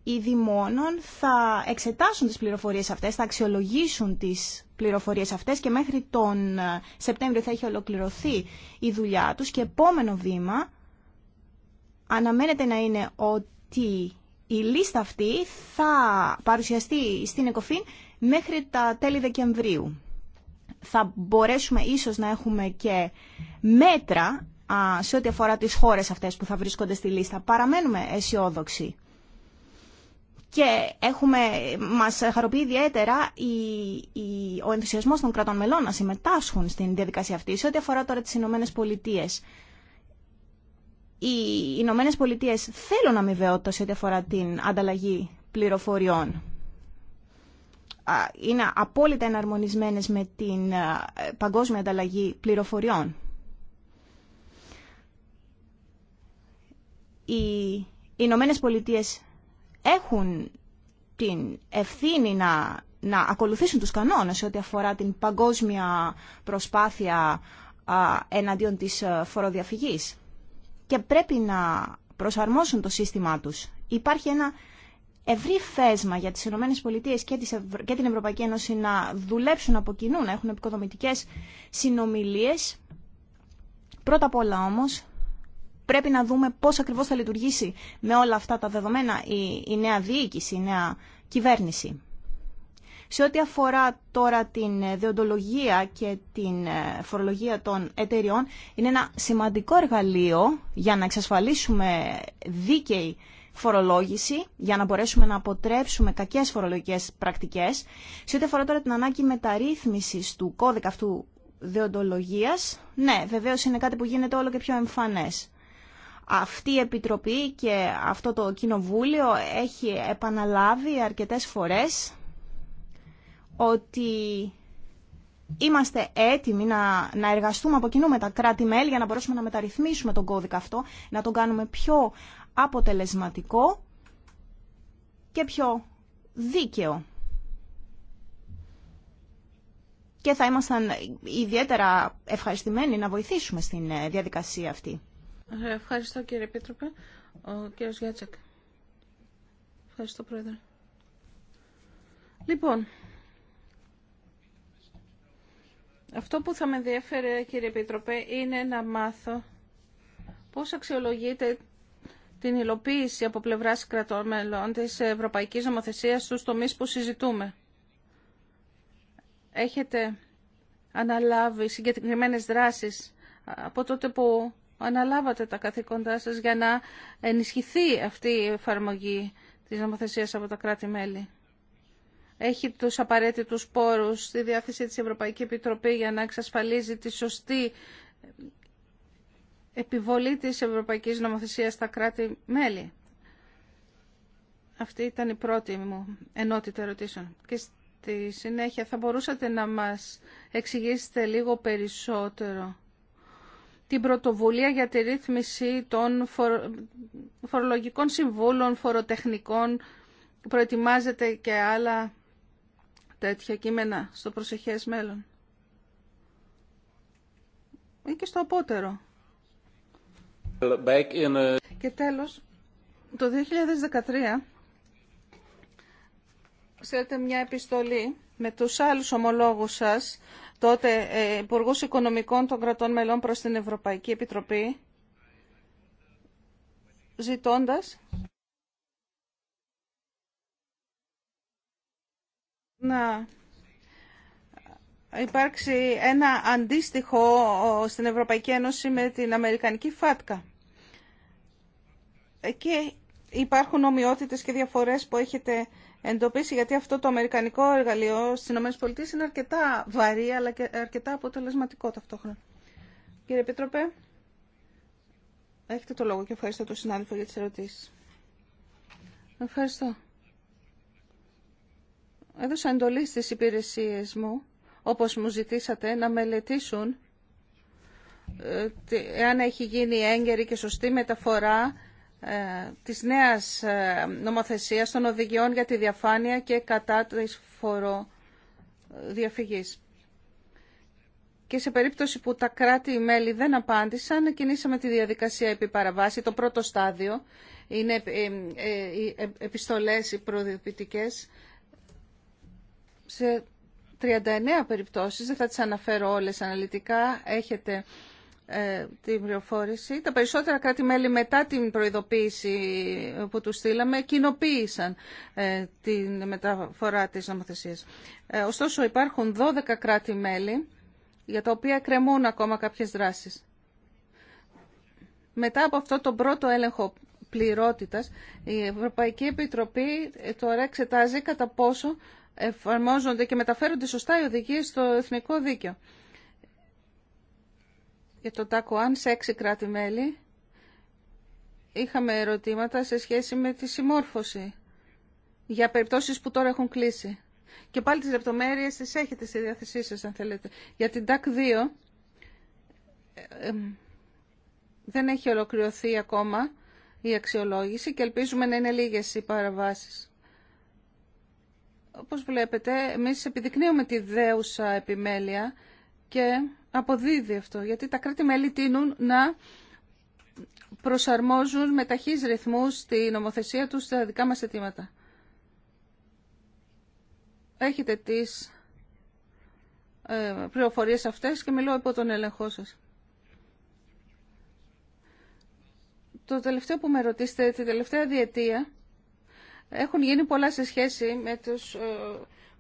οι δημόνων θα εξετάσουν τις πληροφορίες αυτές, θα αξιολογήσουν τις πληροφορίες αυτές και μέχρι τον ε, Σεπτέμβριο θα έχει ολοκληρωθεί η δουλειά τους και επόμενο βήμα αναμένεται να είναι ότι η λίστα αυτή θα παρουσιαστεί στην ΕΚΟΦΗΝ μέχρι τα τέλη Δεκεμβρίου. Θα μπορέσουμε ίσως να έχουμε και μέτρα σε ό,τι αφορά τις χώρες αυτές που θα βρίσκονται στη λίστα. Παραμένουμε αισιόδοξοι και έχουμε, μας χαροποιεί ιδιαίτερα ο ενθουσιασμός των κρατών μελών να συμμετάσχουν στην διαδικασία αυτή σε ό,τι αφορά τώρα τις Ηνωμένε Πολιτείε. Οι Ηνωμένε Πολιτείε θέλουν αμοιβαιότητα σε ό,τι αφορά την ανταλλαγή πληροφοριών. Είναι απόλυτα εναρμονισμένες με την παγκόσμια ανταλλαγή πληροφοριών. Οι Ηνωμένε Πολιτείε έχουν την ευθύνη να, να ακολουθήσουν τους κανόνες ό,τι αφορά την παγκόσμια προσπάθεια εναντίον της ε, φοροδιαφυγής και πρέπει να προσαρμόσουν το σύστημά τους. Υπάρχει ένα ευρύ φέσμα για τις Ηνωμένες Πολιτείες και, και την Ευρωπαϊκή Ένωση να δουλέψουν από κοινού, να έχουν επικοδομητικές συνομιλίες. Πρώτα απ' όλα όμως πρέπει να δούμε πώς ακριβώς θα λειτουργήσει με όλα αυτά τα δεδομένα η, η νέα διοίκηση, η νέα κυβέρνηση. Σε ό,τι αφορά τώρα την ε, διοντολογία και την ε, φορολογία των εταιριών, είναι ένα σημαντικό εργαλείο για να εξασφαλίσουμε δίκαιη φορολόγηση, για να μπορέσουμε να αποτρέψουμε κακές φορολογικές πρακτικές. Σε ό,τι αφορά τώρα την ανάγκη μεταρρύθμισης του κώδικα αυτού διοντολογίας, ναι, βεβαίως είναι κάτι που γίνεται όλο και πιο εμφανές. Αυτή η Επιτροπή και αυτό το Κοινοβούλιο έχει επαναλάβει αρκετές φορές ότι είμαστε έτοιμοι να, να εργαστούμε από κοινού με τα κράτη-μέλη για να μπορέσουμε να μεταρρυθμίσουμε τον κώδικα αυτό, να τον κάνουμε πιο αποτελεσματικό και πιο δίκαιο. Και θα ήμασταν ιδιαίτερα ευχαριστημένοι να βοηθήσουμε στην ε, διαδικασία αυτή. Ευχαριστώ κύριε Επίτροπε. Ο κύριος Γιάτσεκ. Ευχαριστώ πρόεδρε. Λοιπόν, αυτό που θα με ενδιαφέρει κύριε Επίτροπε είναι να μάθω πώς αξιολογείτε την υλοποίηση από πλευράς κρατών μελών της Ευρωπαϊκής Νομοθεσίας στους τομείς που συζητούμε. Έχετε αναλάβει συγκεκριμένες δράσεις από τότε που αναλάβατε τα καθήκοντά σας για να ενισχυθεί αυτή η εφαρμογή της νομοθεσίας από τα κράτη-μέλη. Έχει τους απαραίτητους πόρους στη διάθεση της Ευρωπαϊκή Επιτροπή για να εξασφαλίζει τη σωστή επιβολή της Ευρωπαϊκής Νομοθεσίας στα κράτη-μέλη. Αυτή ήταν η πρώτη μου ενότητα ερωτήσεων. Και στη συνέχεια θα μπορούσατε να μας εξηγήσετε λίγο περισσότερο την πρωτοβουλία για τη ρύθμιση των φορολογικών συμβούλων, φοροτεχνικών. Προετοιμάζεται και άλλα τέτοια κείμενα στο προσεχές μέλλον. Ή και στο απότερο. Και τέλος, το 2013 ξέρετε μια επιστολή με τους άλλους ομολόγους σας τότε ε, υπουργού Οικονομικών των κρατών μελών προς την Ευρωπαϊκή Επιτροπή, ζητώντας να υπάρξει ένα αντίστοιχο στην Ευρωπαϊκή Ένωση με την Αμερικανική ΦΑΤΚΑ. Εκεί υπάρχουν ομοιότητες και διαφορές που έχετε εντοπίσει, γιατί αυτό το αμερικανικό εργαλείο στι ΗΠΑ είναι αρκετά βαρύ, αλλά και αρκετά αποτελεσματικό ταυτόχρονα. Κύριε Επίτροπε, έχετε το λόγο και ευχαριστώ τον συνάδελφο για τι ερωτήσει. Ευχαριστώ. Έδωσα εντολή στι υπηρεσίες μου, όπως μου ζητήσατε, να μελετήσουν ε, εάν έχει γίνει έγκαιρη και σωστή μεταφορά ε, της νέας ε, νομοθεσίας των οδηγιών για τη διαφάνεια και κατά της φοροδιαφυγής. Και σε περίπτωση που τα κράτη-μέλη δεν απάντησαν, κινήσαμε τη διαδικασία επί παραβάση. Το πρώτο στάδιο είναι ε, οι επιστολές, οι προδιοποιητικές. Σε 39 περιπτώσεις, δεν θα τις αναφέρω όλες αναλυτικά, έχετε ε, την πληροφόρηση. Τα περισσότερα κράτη-μέλη μετά την προειδοποίηση που του στείλαμε κοινοποίησαν ε, τη μεταφορά της νομοθεσίας. Ε, ωστόσο υπάρχουν 12 κράτη-μέλη για τα οποία κρεμούν ακόμα κάποιες δράσεις. Μετά από αυτό το πρώτο έλεγχο πληρότητας, η Ευρωπαϊκή Επιτροπή τώρα εξετάζει κατά πόσο εφαρμόζονται και μεταφέρονται σωστά οι οδηγίες στο εθνικό δίκαιο για το ΤΑΚΟΑΝ σε έξι κράτη-μέλη. Είχαμε ερωτήματα σε σχέση με τη συμμόρφωση για περιπτώσεις που τώρα έχουν κλείσει. Και πάλι τις λεπτομέρειες τις έχετε στη διάθεσή σας αν θέλετε. Για την ΤΑΚ 2 ε, δεν έχει ολοκληρωθεί ακόμα η αξιολόγηση και ελπίζουμε να είναι λίγες οι παραβάσεις. Όπως βλέπετε, εμείς επιδεικνύουμε τη δέουσα επιμέλεια και αποδίδει αυτό, γιατί τα κράτη-μέλη τείνουν να προσαρμόζουν με ταχύς ρυθμούς τη νομοθεσία τους στα δικά μας αιτήματα. Έχετε τις ε, πληροφορίες αυτές και μιλώ υπό τον έλεγχό σας. Το τελευταίο που με ρωτήσετε, τη τελευταία διετία, έχουν γίνει πολλά σε σχέση με τους ε,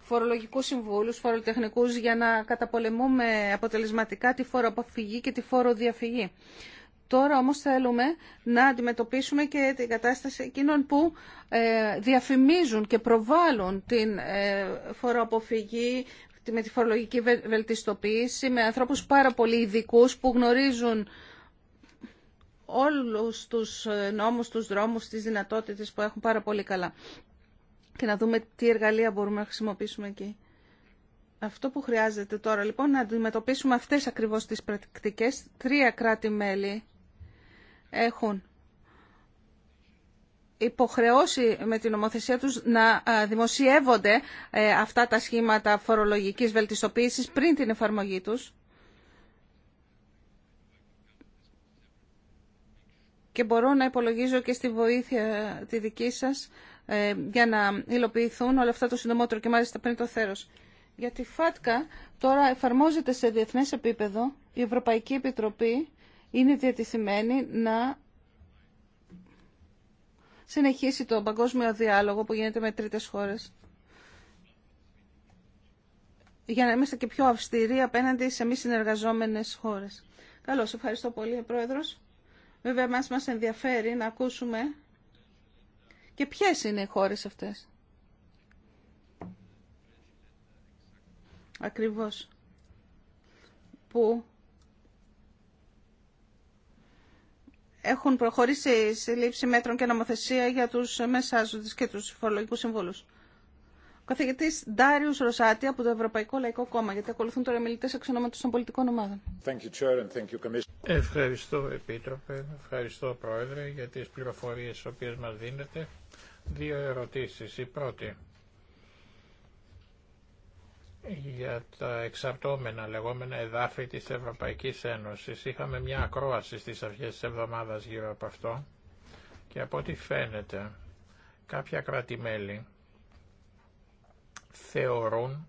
Φορολογικού συμβούλου, φοροτεχνικού, για να καταπολεμούμε αποτελεσματικά τη φοροαποφυγή και τη διαφυγή. Τώρα όμως θέλουμε να αντιμετωπίσουμε και την κατάσταση εκείνων που ε, διαφημίζουν και προβάλλουν την ε, φοροαποφυγή με τη φορολογική βελτιστοποίηση, με ανθρώπους πάρα πολύ ειδικού που γνωρίζουν όλους τους ε, νόμους, τους δρόμους, τις δυνατότητες που έχουν πάρα πολύ καλά και να δούμε τι εργαλεία μπορούμε να χρησιμοποιήσουμε εκεί. Αυτό που χρειάζεται τώρα λοιπόν να αντιμετωπίσουμε αυτές ακριβώς τις πρακτικές. Τρία κράτη-μέλη έχουν υποχρεώσει με την νομοθεσία τους να ε, δημοσιεύονται ε, αυτά τα σχήματα φορολογικής βελτιστοποίησης πριν την εφαρμογή τους. Και μπορώ να υπολογίζω και στη βοήθεια τη δική σας ε, για να υλοποιηθούν όλα αυτά το συντομότερο και μάλιστα πριν το θέρος. Για τη ΦΑΤΚΑ τώρα εφαρμόζεται σε διεθνές επίπεδο. Η Ευρωπαϊκή Επιτροπή είναι διατηθειμένη να συνεχίσει τον παγκόσμιο διάλογο που γίνεται με τρίτες χώρες για να είμαστε και πιο αυστηροί απέναντι σε μη συνεργαζόμενες χώρες. Καλώς, ευχαριστώ πολύ, Πρόεδρος. Βέβαια, μας μας ενδιαφέρει να ακούσουμε και ποιες είναι οι χώρες αυτές. Ακριβώς. Που έχουν προχωρήσει σε λήψη μέτρων και νομοθεσία για τους μεσάζοντες και τους φορολογικούς συμβούλους. Ο καθηγητή Ντάριου Ρωσάτη από το Ευρωπαϊκό Λαϊκό Κόμμα, γιατί ακολουθούν τώρα μιλητέ εξ ονόματο των πολιτικών ομάδων. Ευχαριστώ, Επίτροπε. Ευχαριστώ, Πρόεδρε, για τι πληροφορίε τι οποίε μα δίνετε. Δύο ερωτήσει. Η πρώτη για τα εξαρτώμενα λεγόμενα εδάφη της Ευρωπαϊκής Ένωσης. Είχαμε μια ακρόαση στις αρχές της εβδομάδας γύρω από αυτό και από ό,τι φαίνεται κάποια κράτη-μέλη θεωρούν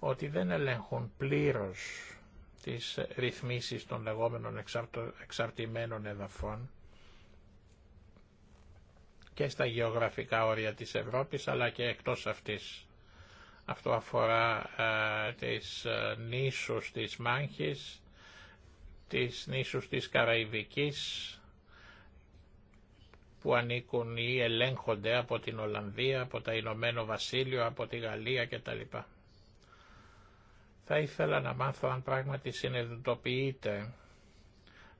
ότι δεν ελέγχουν πλήρως τις ρυθμίσεις των λεγόμενων εξαρτημένων εδαφών και στα γεωγραφικά όρια της Ευρώπης αλλά και εκτός αυτής. Αυτό αφορά ε, τις ε, νήσους της Μάνχης, τις νήσους της Καραϊβικής, που ανήκουν ή ελέγχονται από την Ολλανδία, από τα Ηνωμένο Βασίλειο, από τη Γαλλία κτλ. Θα ήθελα να μάθω αν πράγματι συνειδητοποιείται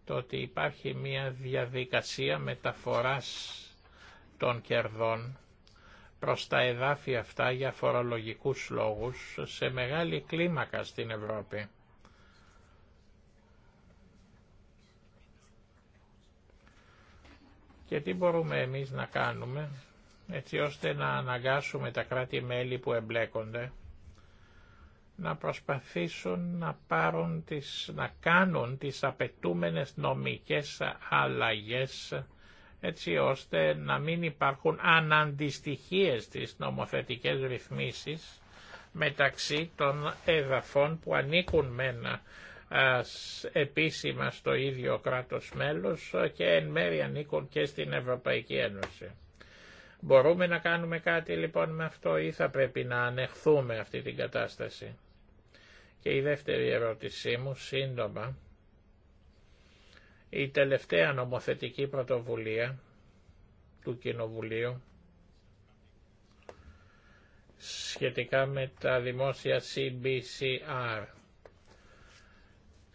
το ότι υπάρχει μια διαδικασία μεταφοράς των κερδών προς τα εδάφη αυτά για φορολογικούς λόγους σε μεγάλη κλίμακα στην Ευρώπη. Και τι μπορούμε εμείς να κάνουμε έτσι ώστε να αναγκάσουμε τα κράτη-μέλη που εμπλέκονται να προσπαθήσουν να, πάρουν τις, να κάνουν τις απαιτούμενες νομικές αλλαγές έτσι ώστε να μην υπάρχουν αναντιστοιχίες στις νομοθετικές ρυθμίσεις μεταξύ των εδαφών που ανήκουν μένα επίσημα στο ίδιο κράτος μέλος και εν μέρει ανήκουν και στην Ευρωπαϊκή Ένωση. Μπορούμε να κάνουμε κάτι λοιπόν με αυτό ή θα πρέπει να ανεχθούμε αυτή την κατάσταση. Και η δεύτερη ερώτησή μου, σύντομα, η τελευταία νομοθετική πρωτοβουλία του Κοινοβουλίου σχετικά με τα δημόσια CBCR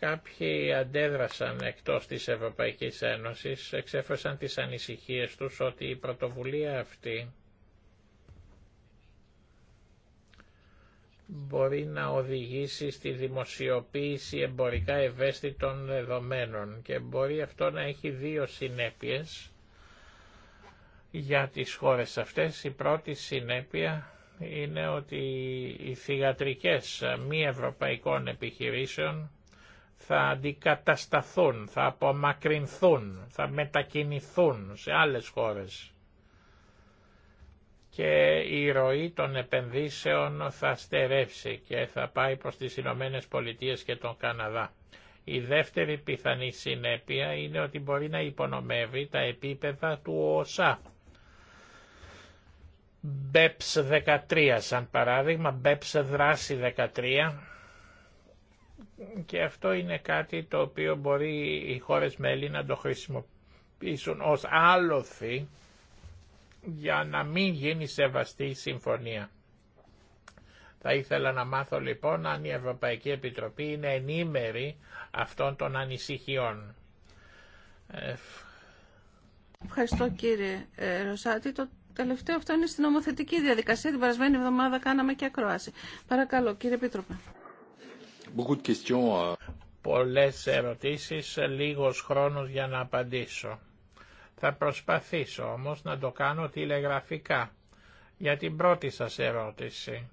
Κάποιοι αντέδρασαν εκτός της Ευρωπαϊκής Ένωσης, εξέφρασαν τις ανησυχίες τους ότι η πρωτοβουλία αυτή μπορεί να οδηγήσει στη δημοσιοποίηση εμπορικά ευαίσθητων δεδομένων και μπορεί αυτό να έχει δύο συνέπειες για τις χώρες αυτές. Η πρώτη συνέπεια είναι ότι οι θυγατρικές μη ευρωπαϊκών επιχειρήσεων θα αντικατασταθούν, θα απομακρυνθούν, θα μετακινηθούν σε άλλες χώρες. Και η ροή των επενδύσεων θα στερεύσει και θα πάει προς τις Ηνωμένε Πολιτείες και τον Καναδά. Η δεύτερη πιθανή συνέπεια είναι ότι μπορεί να υπονομεύει τα επίπεδα του ΟΣΑ. BEPS 13 σαν παράδειγμα, BEPS δράση 13, και αυτό είναι κάτι το οποίο μπορεί οι χώρες μέλη να το χρησιμοποιήσουν ως άλοθη για να μην γίνει σεβαστή η συμφωνία. Θα ήθελα να μάθω λοιπόν αν η Ευρωπαϊκή Επιτροπή είναι ενήμερη αυτών των ανησυχιών. Ευχαριστώ κύριε ε, Ρωσάτη. Το τελευταίο αυτό είναι στην νομοθετική διαδικασία. Την περασμένη εβδομάδα κάναμε και ακρόαση. Παρακαλώ κύριε Επίτροπε. Euh. Πολλές ερωτήσεις, λίγος χρόνος για να απαντήσω. Θα προσπαθήσω όμως να το κάνω τηλεγραφικά για την πρώτη σας ερώτηση.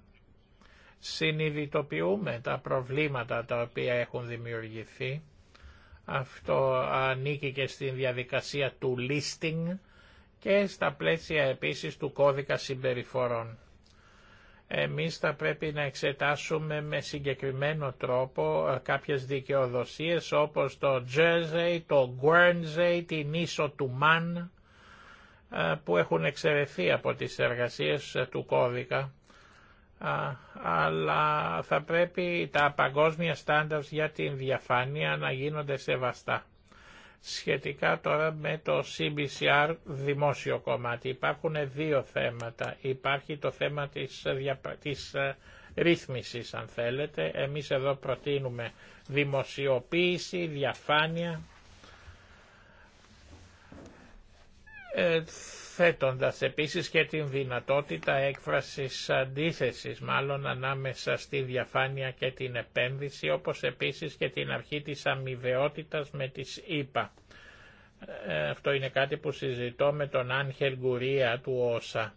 Συνειδητοποιούμε τα προβλήματα τα οποία έχουν δημιουργηθεί. Αυτό ανήκει και στην διαδικασία του listing και στα πλαίσια επίσης του κώδικα συμπεριφορών εμείς θα πρέπει να εξετάσουμε με συγκεκριμένο τρόπο ε, κάποιες δικαιοδοσίες όπως το Jersey, το Guernsey, την ίσο του Μαν ε, που έχουν εξαιρεθεί από τις εργασίες ε, του κώδικα αλλά θα πρέπει τα παγκόσμια στάνταρς για την διαφάνεια να γίνονται σεβαστά. Σχετικά τώρα με το CBCR δημόσιο κομμάτι υπάρχουν δύο θέματα. Υπάρχει το θέμα της, ε, ρύθμισης αν θέλετε. Εμείς εδώ προτείνουμε δημοσιοποίηση, διαφάνεια. Ε, προσθέτοντας επίσης και την δυνατότητα έκφρασης αντίθεσης μάλλον ανάμεσα στη διαφάνεια και την επένδυση όπως επίσης και την αρχή της αμοιβαιότητας με τις ΗΠΑ. Ε, αυτό είναι κάτι που συζητώ με τον Άγχελ Γκουρία του ΩΣΑ.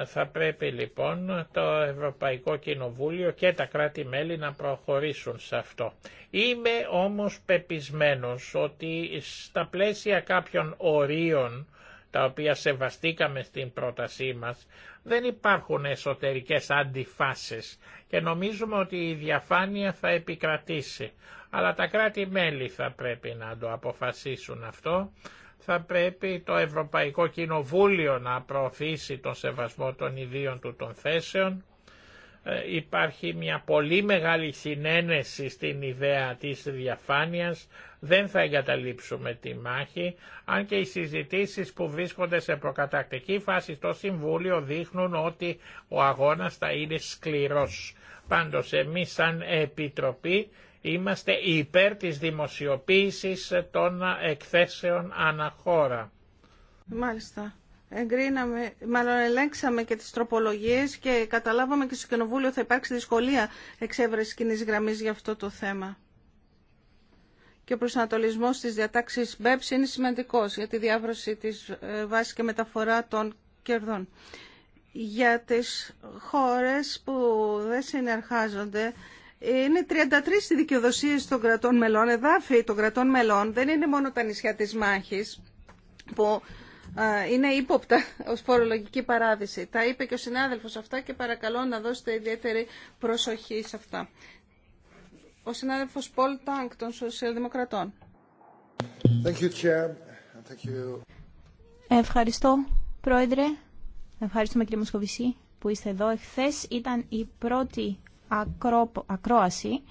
Ε, θα πρέπει λοιπόν το Ευρωπαϊκό Κοινοβούλιο και τα κράτη-μέλη να προχωρήσουν σε αυτό. Είμαι όμως πεπισμένος ότι στα πλαίσια κάποιων ορίων τα οποία σεβαστήκαμε στην πρότασή μας, δεν υπάρχουν εσωτερικές αντιφάσεις και νομίζουμε ότι η διαφάνεια θα επικρατήσει. Αλλά τα κράτη-μέλη θα πρέπει να το αποφασίσουν αυτό. Θα πρέπει το Ευρωπαϊκό Κοινοβούλιο να προωθήσει τον σεβασμό των ιδίων του των θέσεων ε, υπάρχει μια πολύ μεγάλη συνένεση στην ιδέα της διαφάνειας, δεν θα εγκαταλείψουμε τη μάχη, αν και οι συζητήσεις που βρίσκονται σε προκατακτική φάση στο Συμβούλιο δείχνουν ότι ο αγώνας θα είναι σκληρός. Πάντως εμείς σαν Επιτροπή είμαστε υπέρ της δημοσιοποίησης των εκθέσεων αναχώρα. Μάλιστα εγκρίναμε, μάλλον ελέγξαμε και τις τροπολογίες και καταλάβαμε και στο Κοινοβούλιο θα υπάρξει δυσκολία εξέβρεση κοινή γραμμή για αυτό το θέμα. Και ο προσανατολισμός της διατάξης BEPS είναι σημαντικός για τη διάβρωση της ε, βάσης και μεταφορά των κερδών. Για τις χώρες που δεν συνεργάζονται, είναι 33 οι δικαιοδοσίε των κρατών μελών, εδάφη των κρατών μελών, δεν είναι μόνο τα νησιά της Μάχης είναι ύποπτα ω φορολογική παράδειση. Τα είπε και ο συνάδελφο αυτά και παρακαλώ να δώσετε ιδιαίτερη προσοχή σε αυτά. Ο συνάδελφος Πολ Τάγκ των Σοσιαλδημοκρατών. Thank Ευχαριστώ, Πρόεδρε. Ευχαριστούμε, κύριε Μοσκοβισή, που είστε εδώ. Εχθέ ήταν η πρώτη ακρόαση.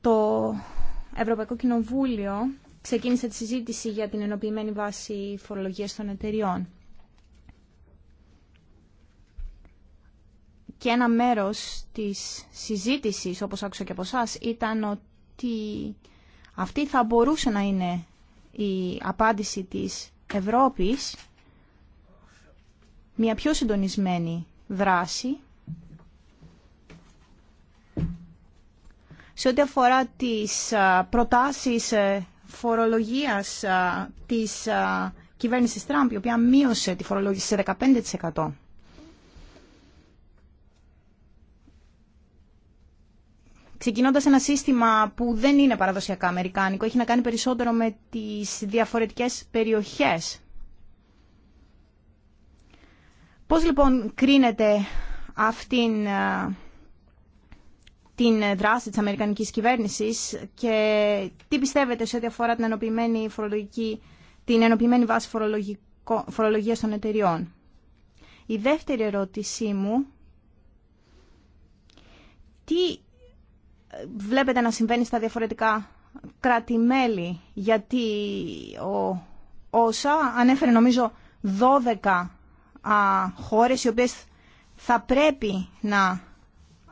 Το Ευρωπαϊκό Κοινοβούλιο ξεκίνησε τη συζήτηση για την ενοποιημένη βάση φορολογίας των εταιριών. Και ένα μέρος της συζήτησης, όπως άκουσα και από εσά, ήταν ότι αυτή θα μπορούσε να είναι η απάντηση της Ευρώπης, μια πιο συντονισμένη δράση, σε ό,τι αφορά τις ε, προτάσεις ε, φορολογίας της κυβέρνησης Τραμπ, η οποία μείωσε τη φορολογία σε 15%. ξεκινώντας ένα σύστημα που δεν είναι παραδοσιακά αμερικάνικο, έχει να κάνει περισσότερο με τις διαφορετικές περιοχές. Πώς λοιπόν κρίνεται αυτήν την δράση της Αμερικανικής κυβέρνησης και τι πιστεύετε σε ό,τι αφορά την ενοποιημένη, φορολογική, την ενοποιημένη βάση φορολογίας των εταιριών. Η δεύτερη ερώτησή μου, τι βλέπετε να συμβαίνει στα διαφορετικά κράτη-μέλη, γιατί ο όσα ανέφερε νομίζω 12 α, χώρες οι οποίες θα πρέπει να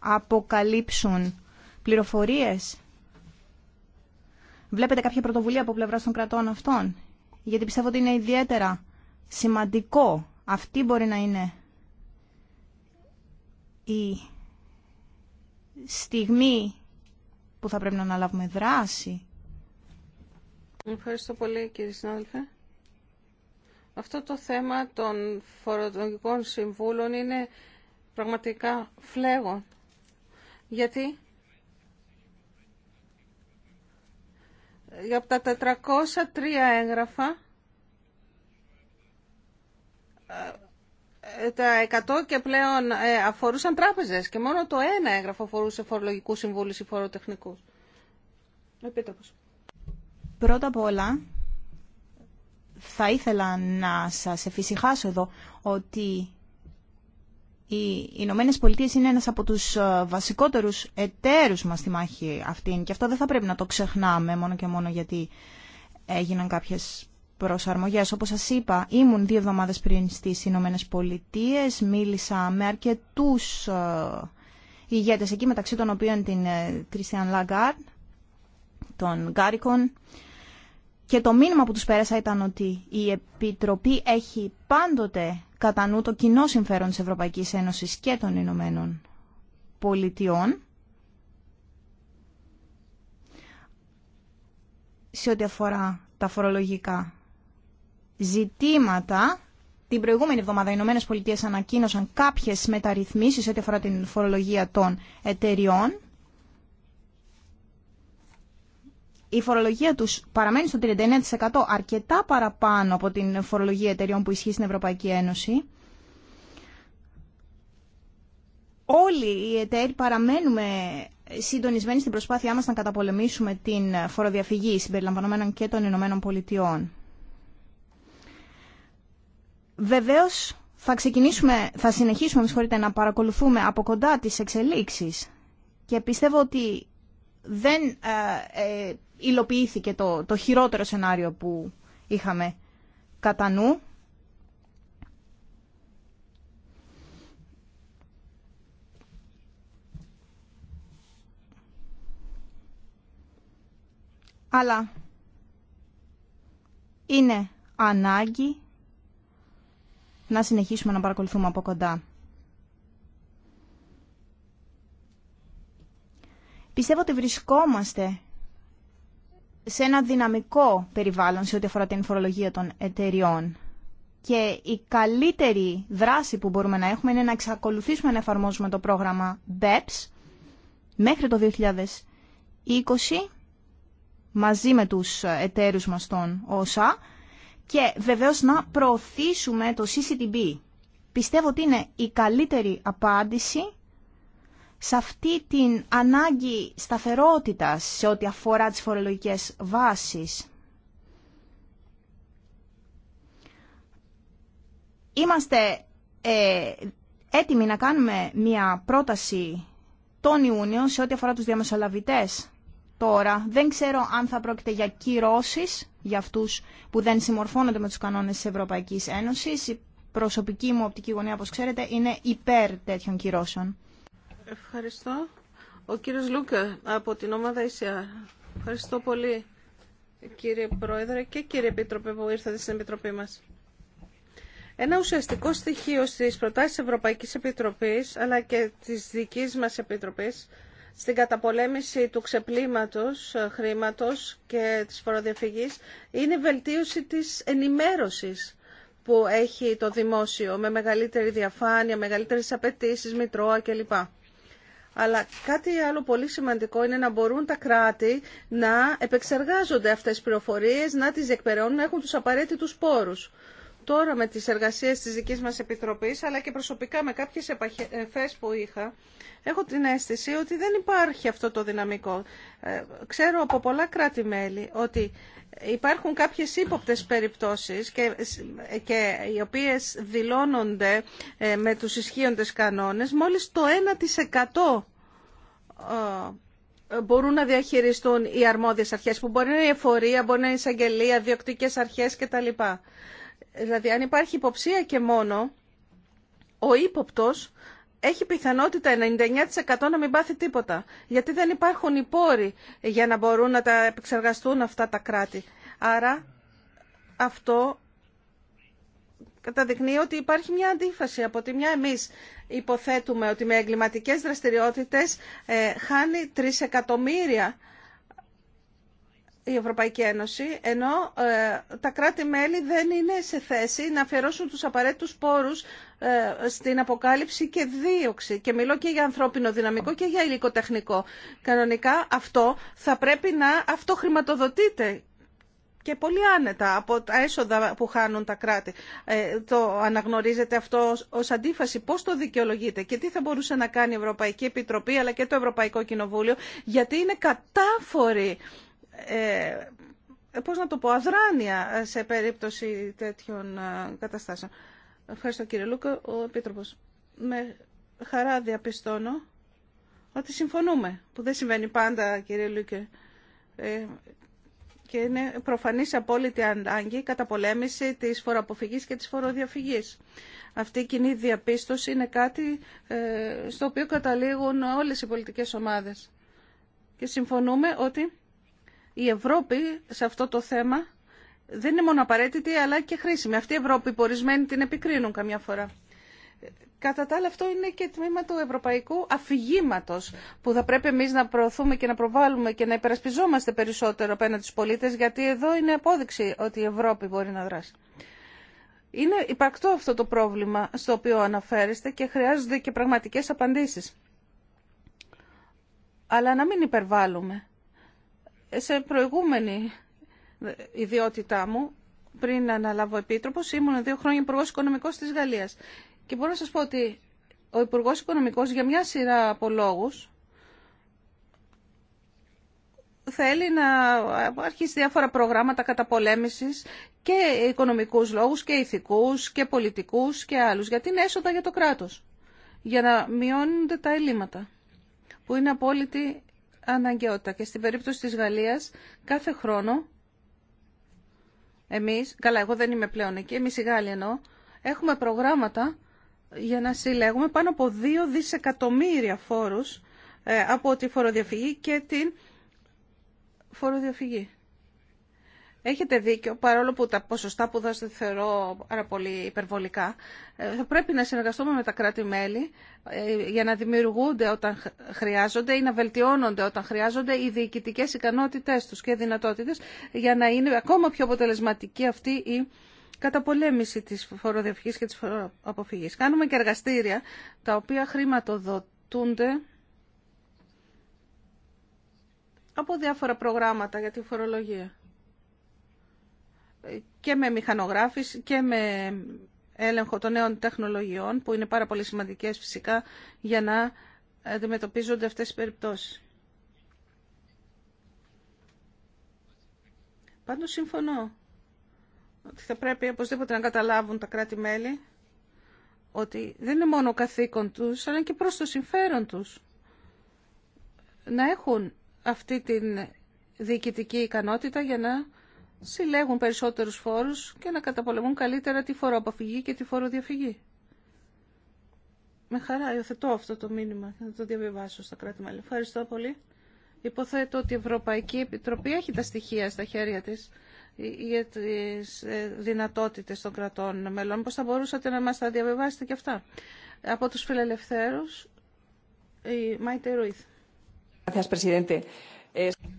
αποκαλύψουν πληροφορίες. Βλέπετε κάποια πρωτοβουλία από πλευρά των κρατών αυτών. Γιατί πιστεύω ότι είναι ιδιαίτερα σημαντικό. Αυτή μπορεί να είναι η στιγμή που θα πρέπει να αναλάβουμε δράση. Ευχαριστώ πολύ κύριε συνάδελφε. Αυτό το θέμα των φορολογικών συμβούλων είναι πραγματικά φλέγον γιατί από τα 403 έγγραφα ε, τα 100 και πλέον ε, αφορούσαν τράπεζες και μόνο το ένα έγγραφο αφορούσε φορολογικούς συμβούλους ή φοροτεχνικούς. Επίτροπος. Πρώτα απ' όλα θα ήθελα να σας εφησυχάσω εδώ ότι οι Ηνωμένε Πολιτείε είναι ένας από τους ε, βασικότερους εταίρους μας στη μάχη αυτή και αυτό δεν θα πρέπει να το ξεχνάμε μόνο και μόνο γιατί έγιναν κάποιες προσαρμογές. Όπως σας είπα, ήμουν δύο εβδομάδες πριν στις Ηνωμένε Πολιτείε, μίλησα με αρκετούς ε, ηγέτες εκεί μεταξύ των οποίων την Κριστιαν ε, Λαγκάρ, τον Γκάρικον, και το μήνυμα που τους πέρασα ήταν ότι η Επιτροπή έχει πάντοτε κατά νου το κοινό συμφέρον της Ευρωπαϊκής Ένωσης και των Ηνωμένων Πολιτειών σε ό,τι αφορά τα φορολογικά ζητήματα. Την προηγούμενη εβδομάδα οι Ηνωμένε Πολιτείες ανακοίνωσαν κάποιες μεταρρυθμίσεις σε ό,τι αφορά την φορολογία των εταιριών η φορολογία τους παραμένει στο 39% αρκετά παραπάνω από την φορολογία εταιριών που ισχύει στην Ευρωπαϊκή Ένωση. Όλοι οι εταίροι παραμένουμε συντονισμένοι στην προσπάθειά μας να καταπολεμήσουμε την φοροδιαφυγή συμπεριλαμβανομένων και των Ηνωμένων Πολιτειών. Βεβαίως θα ξεκινήσουμε, θα συνεχίσουμε να παρακολουθούμε από κοντά τις εξελίξεις και πιστεύω ότι δεν ε, ε, υλοποιήθηκε το, το χειρότερο σενάριο που είχαμε κατά νου. Αλλά είναι ανάγκη να συνεχίσουμε να παρακολουθούμε από κοντά. Πιστεύω ότι βρισκόμαστε σε ένα δυναμικό περιβάλλον σε ό,τι αφορά την φορολογία των εταιριών. Και η καλύτερη δράση που μπορούμε να έχουμε είναι να εξακολουθήσουμε να εφαρμόζουμε το πρόγραμμα BEPS μέχρι το 2020 μαζί με τους εταίρους μας των ΩΣΑ και βεβαίως να προωθήσουμε το CCTB. Πιστεύω ότι είναι η καλύτερη απάντηση σε αυτή την ανάγκη σταθερότητας σε ό,τι αφορά τις φορολογικές βάσεις. Είμαστε ε, έτοιμοι να κάνουμε μια πρόταση τον Ιούνιο σε ό,τι αφορά τους διαμεσολαβητές. Τώρα δεν ξέρω αν θα πρόκειται για κυρώσεις για αυτούς που δεν συμμορφώνονται με τους κανόνες της Ευρωπαϊκής Ένωσης. Η προσωπική μου οπτική γωνία, όπως ξέρετε, είναι υπέρ τέτοιων κυρώσεων. Ευχαριστώ. Ο κύριος Λούκα από την ομάδα Ισία, Ευχαριστώ πολύ κύριε Πρόεδρε και κύριε Επίτροπε που ήρθατε στην Επιτροπή μας. Ένα ουσιαστικό στοιχείο στις προτάσεις Ευρωπαϊκής Επιτροπής αλλά και της δικής μας Επιτροπής στην καταπολέμηση του ξεπλήματος ε, χρήματος και της φοροδιαφυγής είναι η βελτίωση της ενημέρωσης που έχει το δημόσιο με μεγαλύτερη διαφάνεια, μεγαλύτερες απαιτήσει, μητρώα κλπ. Αλλά κάτι άλλο πολύ σημαντικό είναι να μπορούν τα κράτη να επεξεργάζονται αυτές τις πληροφορίες, να τις διεκπαιρεώνουν, να έχουν τους απαραίτητους πόρους. Τώρα με τις εργασίες της δικής μας Επιτροπής, αλλά και προσωπικά με κάποιες επαφές που είχα, έχω την αίσθηση ότι δεν υπάρχει αυτό το δυναμικό. Ε, ξέρω από πολλά κράτη-μέλη ότι Υπάρχουν κάποιες ύποπτες περιπτώσεις και, και οι οποίες δηλώνονται ε, με τους ισχύοντες κανόνες μόλις το 1% ε, μπορούν να διαχειριστούν οι αρμόδιες αρχές που μπορεί να είναι η εφορία, μπορεί να είναι η εισαγγελία, διοκτικές αρχές κτλ. Δηλαδή αν υπάρχει υποψία και μόνο, ο ύποπτος έχει πιθανότητα 99% να μην πάθει τίποτα. Γιατί δεν υπάρχουν οι πόροι για να μπορούν να τα επεξεργαστούν αυτά τα κράτη. Άρα αυτό καταδεικνύει ότι υπάρχει μια αντίφαση. Από τη μια εμείς υποθέτουμε ότι με εγκληματικές δραστηριότητες ε, χάνει 3 εκατομμύρια η Ευρωπαϊκή Ένωση, ενώ ε, τα κράτη-μέλη δεν είναι σε θέση να αφιερώσουν τους απαραίτητους πόρους ε, στην αποκάλυψη και δίωξη. Και μιλώ και για ανθρώπινο δυναμικό και για υλικοτεχνικό. Κανονικά αυτό θα πρέπει να αυτοχρηματοδοτείται και πολύ άνετα από τα έσοδα που χάνουν τα κράτη. Ε, το αναγνωρίζετε αυτό ως αντίφαση. Πώς το δικαιολογείτε και τι θα μπορούσε να κάνει η Ευρωπαϊκή Επιτροπή αλλά και το Ευρωπαϊκό Κοινοβούλιο γιατί είναι κατάφοροι ε, πώς να το πω, αδράνεια σε περίπτωση τέτοιων ε, καταστάσεων. Ευχαριστώ κύριε Λούκο, ο Επίτροπος. Με χαρά διαπιστώνω ότι συμφωνούμε, που δεν συμβαίνει πάντα κύριε Λούκο. Ε, και είναι προφανής απόλυτη ανάγκη καταπολέμηση της φοροαποφυγής και της φοροδιαφυγής. Αυτή η κοινή διαπίστωση είναι κάτι ε, στο οποίο καταλήγουν όλες οι πολιτικές ομάδες. Και συμφωνούμε ότι η Ευρώπη σε αυτό το θέμα δεν είναι μόνο απαραίτητη αλλά και χρήσιμη. Αυτή η Ευρώπη που ορισμένοι την επικρίνουν καμιά φορά. Κατά τα άλλα αυτό είναι και τμήμα του ευρωπαϊκού αφηγήματο που θα πρέπει εμεί να προωθούμε και να προβάλλουμε και να υπερασπιζόμαστε περισσότερο απέναντι στους πολίτε γιατί εδώ είναι απόδειξη ότι η Ευρώπη μπορεί να δράσει. Είναι υπαρκτό αυτό το πρόβλημα στο οποίο αναφέρεστε και χρειάζονται και πραγματικές απαντήσεις. Αλλά να μην υπερβάλλουμε σε προηγούμενη ιδιότητά μου, πριν αναλάβω επίτροπος, ήμουν δύο χρόνια υπουργό Οικονομικό τη Γαλλίας. Και μπορώ να σας πω ότι ο υπουργό οικονομικός για μια σειρά από λόγου θέλει να αρχίσει διάφορα προγράμματα καταπολέμησης και οικονομικούς λόγους και ηθικούς και πολιτικούς και άλλους, γιατί είναι έσοδα για το κράτος, για να μειώνονται τα ελλείμματα, που είναι απόλυτη αναγκαιότητα. Και στην περίπτωση της Γαλλίας κάθε χρόνο εμείς, καλά εγώ δεν είμαι πλέον εκεί, εμείς οι Γάλλοι εννοώ, έχουμε προγράμματα για να συλλέγουμε πάνω από 2 δισεκατομμύρια φόρους ε, από τη φοροδιαφυγή και την φοροδιαφυγή. Έχετε δίκιο, παρόλο που τα ποσοστά που δώσετε θεωρώ πάρα πολύ υπερβολικά. Ε, θα πρέπει να συνεργαστούμε με τα κράτη-μέλη ε, για να δημιουργούνται όταν χρειάζονται ή να βελτιώνονται όταν χρειάζονται οι διοικητικές ικανότητές τους και δυνατότητες για να είναι ακόμα πιο αποτελεσματική αυτή η καταπολέμηση της φοροδιαφυγής και της φοροαποφυγής. Κάνουμε και εργαστήρια τα οποία χρηματοδοτούνται από διάφορα προγράμματα για τη φορολογία και με μηχανογράφηση και με έλεγχο των νέων τεχνολογιών που είναι πάρα πολύ σημαντικές φυσικά για να αντιμετωπίζονται αυτές οι περιπτώσεις. Πάντως συμφωνώ ότι θα πρέπει οπωσδήποτε να καταλάβουν τα κράτη-μέλη ότι δεν είναι μόνο καθήκον τους, αλλά και προς το συμφέρον τους να έχουν αυτή την διοικητική ικανότητα για να συλλέγουν περισσότερους φόρους και να καταπολεμούν καλύτερα τη φοροαποφυγή και τη φοροδιαφυγή. Με χαρά υιοθετώ αυτό το μήνυμα, να το διαβιβάσω στα κράτη-μέλη. Ευχαριστώ πολύ. Υποθέτω ότι η Ευρωπαϊκή Επιτροπή έχει τα στοιχεία στα χέρια της ε, για τις ε, δυνατότητες των κρατών μελών. Πώς θα μπορούσατε να μας τα διαβιβάσετε και αυτά. Από τους φιλελευθέρους, η Μάιτε Ρουίθ.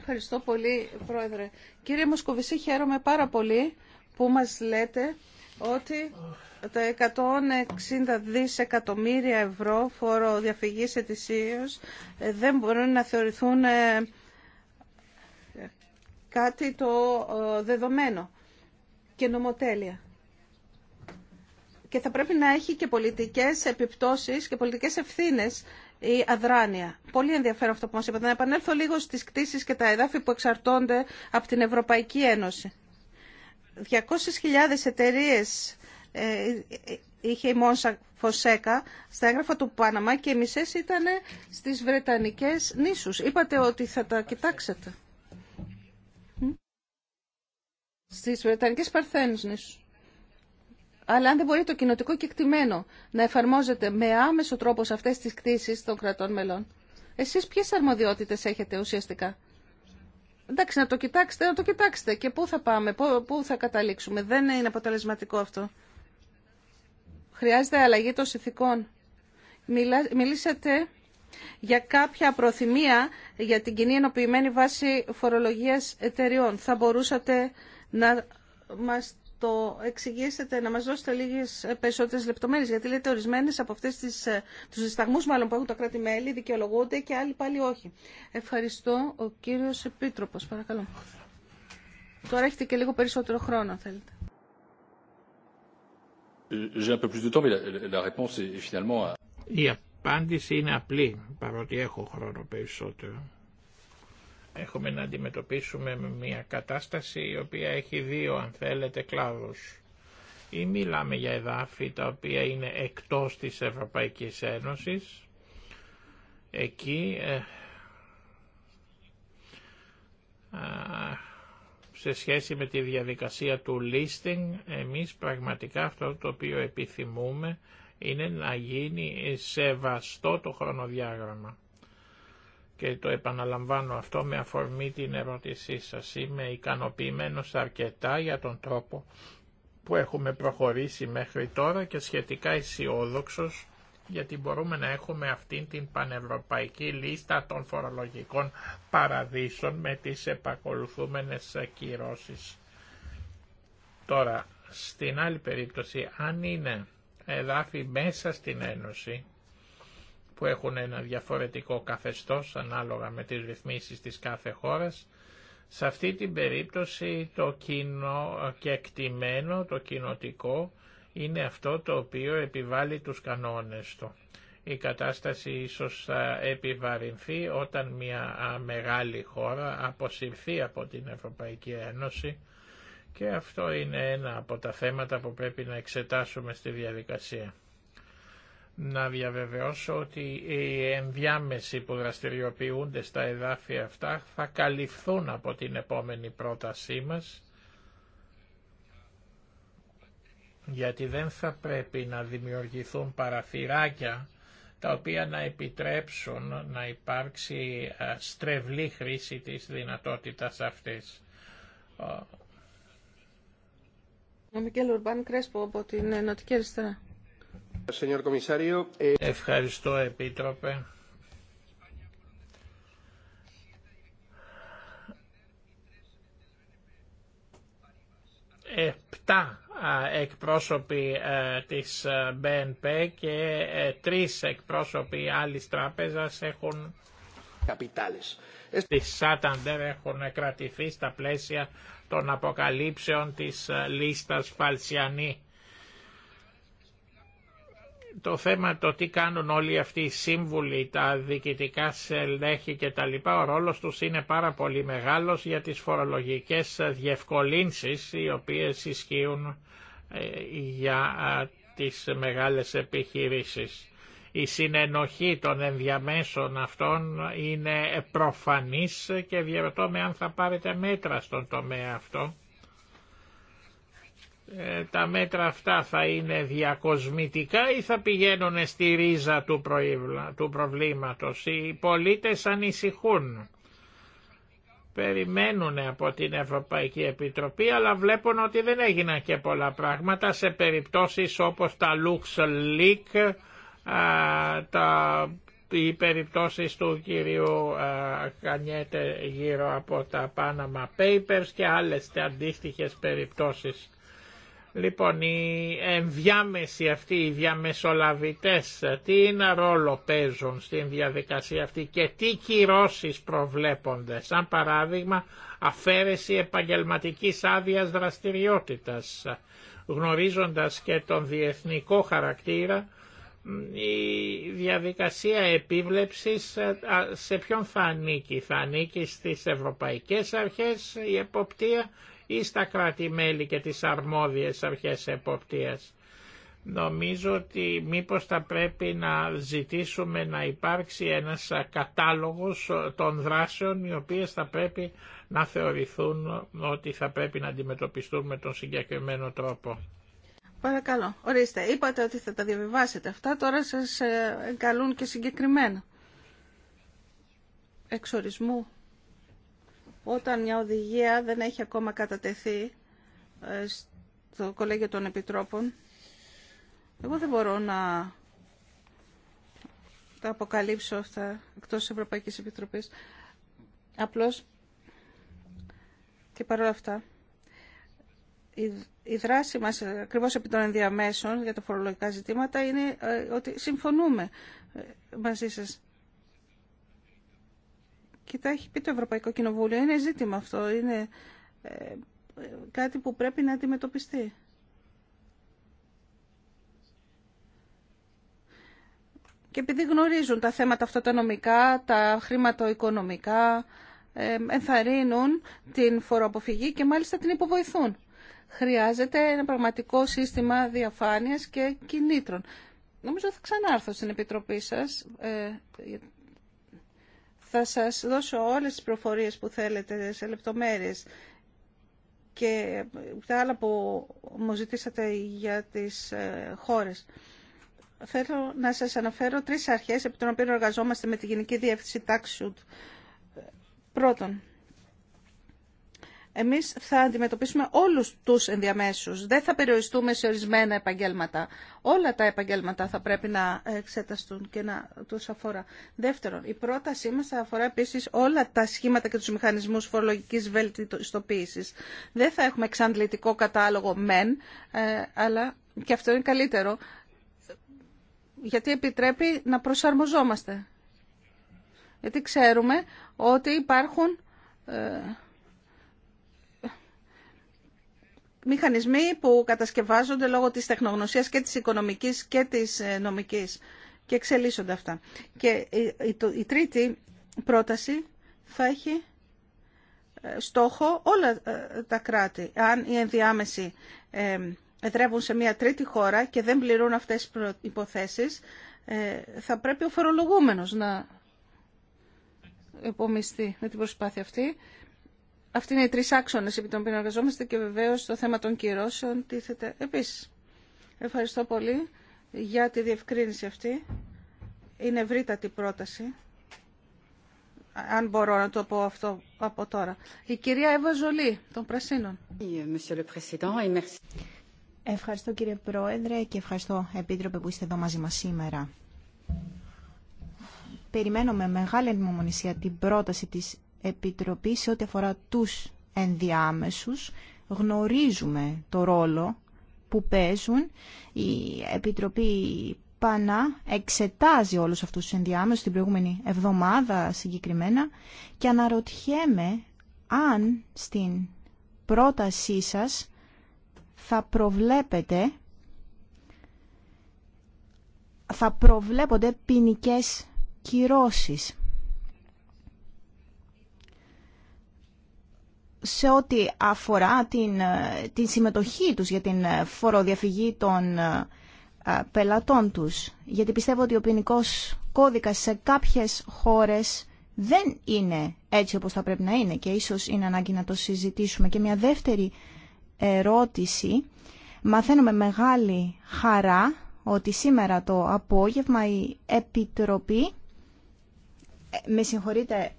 Ευχαριστώ πολύ, Πρόεδρε. Κύριε Μοσκοβισή, χαίρομαι πάρα πολύ που μας λέτε ότι τα 160 δισεκατομμύρια ευρώ φόρο διαφυγής ετησίως ε, δεν μπορούν να θεωρηθούν ε, κάτι το ε, δεδομένο και νομοτέλεια. Και θα πρέπει να έχει και πολιτικές επιπτώσεις και πολιτικές ευθύνες η αδράνεια. Πολύ ενδιαφέρον αυτό που μας είπατε. Να επανέλθω λίγο στις κτίσεις και τα εδάφη που εξαρτώνται από την Ευρωπαϊκή Ένωση. 200.000 εταιρείε ε, ε, είχε η Μόνσα Φωσέκα στα έγγραφα του Πάναμα και οι μισές ήταν στις Βρετανικές νήσους. Είπατε ότι θα τα κοιτάξετε. Στις Βρετανικές Παρθένες νήσους. Αλλά αν δεν μπορεί το κοινοτικό κεκτημένο να εφαρμόζεται με άμεσο τρόπο σε αυτές τις κτήσεις των κρατών μελών, εσείς ποιε αρμοδιότητες έχετε ουσιαστικά. Εντάξει, να το κοιτάξετε, να το κοιτάξετε και πού θα πάμε, πού θα καταλήξουμε. Δεν είναι αποτελεσματικό αυτό. Χρειάζεται αλλαγή των συνθηκών. μιλήσατε για κάποια προθυμία για την κοινή ενοποιημένη βάση φορολογίας εταιριών. Θα μπορούσατε να μας το εξηγήσετε, να μας δώσετε λίγες ε, περισσότερες λεπτομέρειες, γιατί λέτε ορισμένες από αυτές τις, ε, τους δισταγμούς μάλλον που έχουν τα κράτη-μέλη δικαιολογούνται και άλλοι πάλι όχι. Ευχαριστώ. Ο κύριος Επίτροπος, παρακαλώ. Τώρα έχετε και λίγο περισσότερο χρόνο, θέλετε. Η απάντηση είναι απλή, παρότι έχω χρόνο περισσότερο. Έχουμε να αντιμετωπίσουμε μια κατάσταση η οποία έχει δύο αν θέλετε κλάδους. Ή μιλάμε για εδάφη τα οποία είναι εκτός της Ευρωπαϊκής Ένωσης. Εκεί ε, σε σχέση με τη διαδικασία του listing, εμείς πραγματικά αυτό το οποίο επιθυμούμε είναι να γίνει σεβαστό το χρονοδιάγραμμα και το επαναλαμβάνω αυτό με αφορμή την ερώτησή σας. Είμαι ικανοποιημένος αρκετά για τον τρόπο που έχουμε προχωρήσει μέχρι τώρα και σχετικά αισιόδοξο γιατί μπορούμε να έχουμε αυτή την πανευρωπαϊκή λίστα των φορολογικών παραδείσων με τις επακολουθούμενες ακυρώσεις. Τώρα, στην άλλη περίπτωση, αν είναι εδάφη μέσα στην Ένωση, που έχουν ένα διαφορετικό καθεστώς ανάλογα με τις ρυθμίσεις της κάθε χώρας. Σε αυτή την περίπτωση το κοινό και εκτιμένο, το κοινοτικό, είναι αυτό το οποίο επιβάλλει τους κανόνες του. Η κατάσταση ίσως θα επιβαρυνθεί όταν μια μεγάλη χώρα αποσυρθεί από την Ευρωπαϊκή Ένωση και αυτό είναι ένα από τα θέματα που πρέπει να εξετάσουμε στη διαδικασία να διαβεβαιώσω ότι οι ενδιάμεσοι που δραστηριοποιούνται στα εδάφια αυτά θα καλυφθούν από την επόμενη πρότασή μας γιατί δεν θα πρέπει να δημιουργηθούν παραθυράκια τα οποία να επιτρέψουν να υπάρξει στρεβλή χρήση της δυνατότητας αυτής. Ο Μικέλ Ουρμπάν από την Eh, Ευχαριστώ Επίτροπε. Επτά εκπρόσωποι της BNP και ε, τρεις εκπρόσωποι άλλης τράπεζας έχουν καπιτάλες. Σάταντερ έχουν κρατηθεί στα πλαίσια των αποκαλύψεων της λίστας Φαλσιανή το θέμα το τι κάνουν όλοι αυτοί οι σύμβουλοι, τα διοικητικά σελέχη και τα λοιπά, ο ρόλος τους είναι πάρα πολύ μεγάλος για τις φορολογικές διευκολύνσεις οι οποίες ισχύουν ε, για τις μεγάλες επιχειρήσεις. Η συνενοχή των ενδιαμέσων αυτών είναι προφανής και διαρωτώ με αν θα πάρετε μέτρα στον τομέα αυτό ε, τα μέτρα αυτά θα είναι διακοσμητικά ή θα πηγαίνουν στη ρίζα του, του προβλήματος. Οι πολίτες ανησυχούν. Περιμένουν από την Ευρωπαϊκή Επιτροπή αλλά βλέπουν ότι δεν έγιναν και πολλά πράγματα σε περιπτώσεις όπως τα LuxLeak, τα, οι περιπτώσεις του κυρίου Κανιέτε γύρω από τα Panama Papers και άλλες αντίστοιχες περιπτώσεις Λοιπόν, οι ενδιάμεσοι αυτοί, οι διαμεσολαβητές, τι είναι ρόλο παίζουν στην διαδικασία αυτή και τι κυρώσεις προβλέπονται, σαν παράδειγμα αφαίρεση επαγγελματικής άδειας δραστηριότητας, γνωρίζοντας και τον διεθνικό χαρακτήρα, η διαδικασία επίβλεψης ε, σε ποιον θα ανήκει. Θα ανήκει στις ευρωπαϊκές αρχές η εποπτεία ή στα κράτη-μέλη και τις αρμόδιες αρχές εποπτείας. Νομίζω ότι μήπως θα πρέπει να ζητήσουμε να υπάρξει ένας κατάλογος των δράσεων οι οποίες θα πρέπει να θεωρηθούν ότι θα πρέπει να αντιμετωπιστούν με τον συγκεκριμένο τρόπο. Παρακαλώ. Ορίστε, είπατε ότι θα τα διαβιβάσετε αυτά, τώρα σας ε, καλούν και συγκεκριμένα. Εξορισμού όταν μια οδηγία δεν έχει ακόμα κατατεθεί ε, στο Κολέγιο των Επιτρόπων. Εγώ δεν μπορώ να τα αποκαλύψω αυτά εκτός της Ευρωπαϊκής Επιτροπής. Απλώς και παρόλα αυτά η δράση μας ακριβώς επί των ενδιαμέσων για τα φορολογικά ζητήματα είναι ε, ότι συμφωνούμε ε, μαζί σας. Και έχει πει το Ευρωπαϊκό Κοινοβούλιο. Είναι ζήτημα αυτό. Είναι ε, κάτι που πρέπει να αντιμετωπιστεί. Και επειδή γνωρίζουν τα θέματα αυτά τα νομικά, τα χρηματοοικονομικά, ε, ενθαρρύνουν την φοροαποφυγή και μάλιστα την υποβοηθούν. Χρειάζεται ένα πραγματικό σύστημα διαφάνειας και κινήτρων. Νομίζω θα ξανάρθω στην Επιτροπή σας ε, θα σας δώσω όλες τις προφορίες που θέλετε σε λεπτομέρειες και τα άλλα που μου ζητήσατε για τις ε, χώρες. Θέλω να σας αναφέρω τρεις αρχές επί των οποίων εργαζόμαστε με τη Γενική Διεύθυνση Τάξιουτ. Πρώτον, εμείς θα αντιμετωπίσουμε όλους τους ενδιαμέσους. Δεν θα περιοριστούμε σε ορισμένα επαγγέλματα. Όλα τα επαγγέλματα θα πρέπει να εξεταστούν και να τους αφορά. Δεύτερον, η πρότασή μας θα αφορά επίσης όλα τα σχήματα και τους μηχανισμούς φορολογικής βελτιστοποίησης. Δεν θα έχουμε εξαντλητικό κατάλογο μεν, ε, αλλά και αυτό είναι καλύτερο, γιατί επιτρέπει να προσαρμοζόμαστε. Γιατί ξέρουμε ότι υπάρχουν ε, μηχανισμοί που κατασκευάζονται λόγω της τεχνογνωσίας και της οικονομικής και της ε, νομικής και εξελίσσονται αυτά. Και η τρίτη πρόταση θα έχει ε, στόχο όλα ε, τα κράτη. Αν οι ενδιάμεσοι εδρεύουν σε μια τρίτη χώρα και δεν πληρούν αυτές τις υποθέσεις, θα πρέπει ο φορολογούμενος να επομιστεί με την προσπάθεια αυτή αυτοί είναι οι τρεις άξονες επί των οποίων εργαζόμαστε και βεβαίως το θέμα των κυρώσεων τίθεται επίσης. Ευχαριστώ πολύ για τη διευκρίνηση αυτή. Είναι ευρύτατη πρόταση. Αν μπορώ να το πω αυτό από τώρα. Η κυρία Εύα Ζολή των Πρασίνων. Ευχαριστώ κύριε Πρόεδρε και ευχαριστώ Επίτροπε που είστε εδώ μαζί μας σήμερα. Περιμένω με μεγάλη ανημομονησία την πρόταση της Επιτροπή σε ό,τι αφορά τους ενδιάμεσους. Γνωρίζουμε το ρόλο που παίζουν. Η Επιτροπή Πανά εξετάζει όλους αυτούς τους ενδιάμεσους την προηγούμενη εβδομάδα συγκεκριμένα και αναρωτιέμαι αν στην πρότασή σας θα προβλέπετε θα προβλέπονται ποινικέ κυρώσεις. σε ό,τι αφορά την, ε, την συμμετοχή τους για την ε, φοροδιαφυγή των ε, πελατών τους. Γιατί πιστεύω ότι ο ποινικό κώδικας σε κάποιες χώρες δεν είναι έτσι όπως θα πρέπει να είναι και ίσως είναι ανάγκη να το συζητήσουμε. Και μια δεύτερη ερώτηση. Μαθαίνουμε μεγάλη χαρά ότι σήμερα το απόγευμα η Επιτροπή, με συγχωρείτε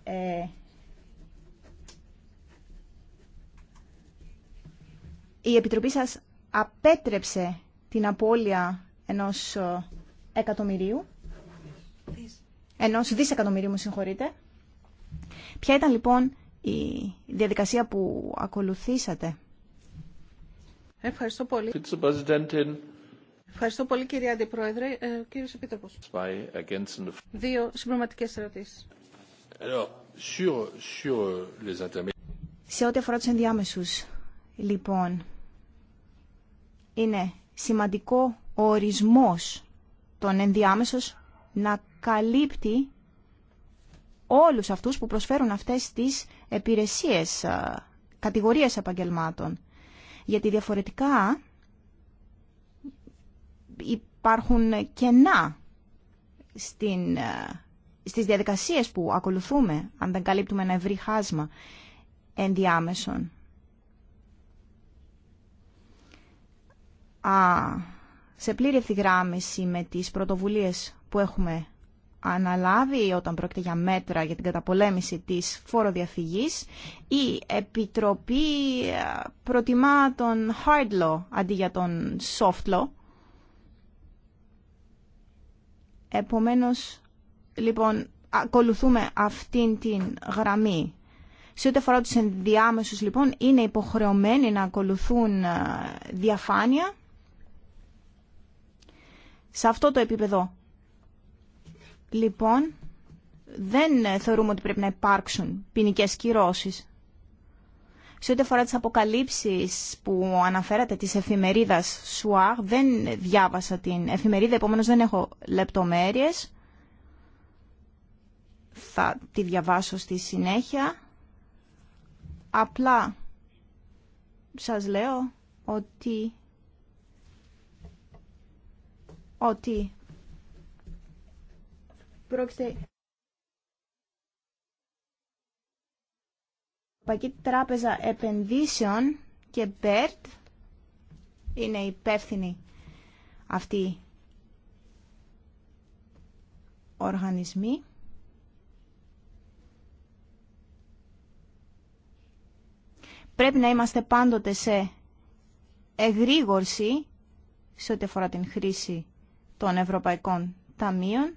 η Επιτροπή σας απέτρεψε την απώλεια ενός ε, εκατομμυρίου, ενός δισεκατομμυρίου συγχωρείτε. Ποια ήταν λοιπόν η διαδικασία που ακολουθήσατε. Ευχαριστώ πολύ. Ευχαριστώ πολύ κυρία Αντιπρόεδρε. Ε, κύριος Επίτροπος. Δύο συμπληρωματικές ερωτήσεις. Σε ό,τι αφορά τους ενδιάμεσους, λοιπόν, είναι σημαντικό ο ορισμός των ενδιάμεσος να καλύπτει όλους αυτούς που προσφέρουν αυτές τις επιρεσίες, κατηγορίες επαγγελμάτων. Γιατί διαφορετικά υπάρχουν κενά στην, στις διαδικασίες που ακολουθούμε, αν δεν καλύπτουμε ένα ευρύ χάσμα ενδιάμεσων. σε πλήρη ευθυγράμμιση με τις πρωτοβουλίες που έχουμε αναλάβει όταν πρόκειται για μέτρα για την καταπολέμηση της φοροδιαφυγής. Η Επιτροπή ε, προτιμά τον hard law αντί για τον soft law. Επομένως, λοιπόν, ακολουθούμε αυτήν την γραμμή. Σε ό,τι αφορά τους ενδιάμεσους, λοιπόν, είναι υποχρεωμένοι να ακολουθούν ε, διαφάνεια σε αυτό το επίπεδο. Λοιπόν, δεν θεωρούμε ότι πρέπει να υπάρξουν ποινικέ κυρώσει. Σε ό,τι αφορά τι αποκαλύψεις που αναφέρατε της Εφημερίδα σουά δεν διάβασα την εφημερίδα, επομένω δεν έχω λεπτομέρειες. Θα τη διαβάσω στη συνέχεια. Απλά σας λέω ότι ότι πρόκειται η Τράπεζα Επενδύσεων και BERT είναι υπεύθυνοι αυτή οργανισμοί. Πρέπει να είμαστε πάντοτε σε εγρήγορση σε ό,τι αφορά την χρήση των Ευρωπαϊκών Ταμείων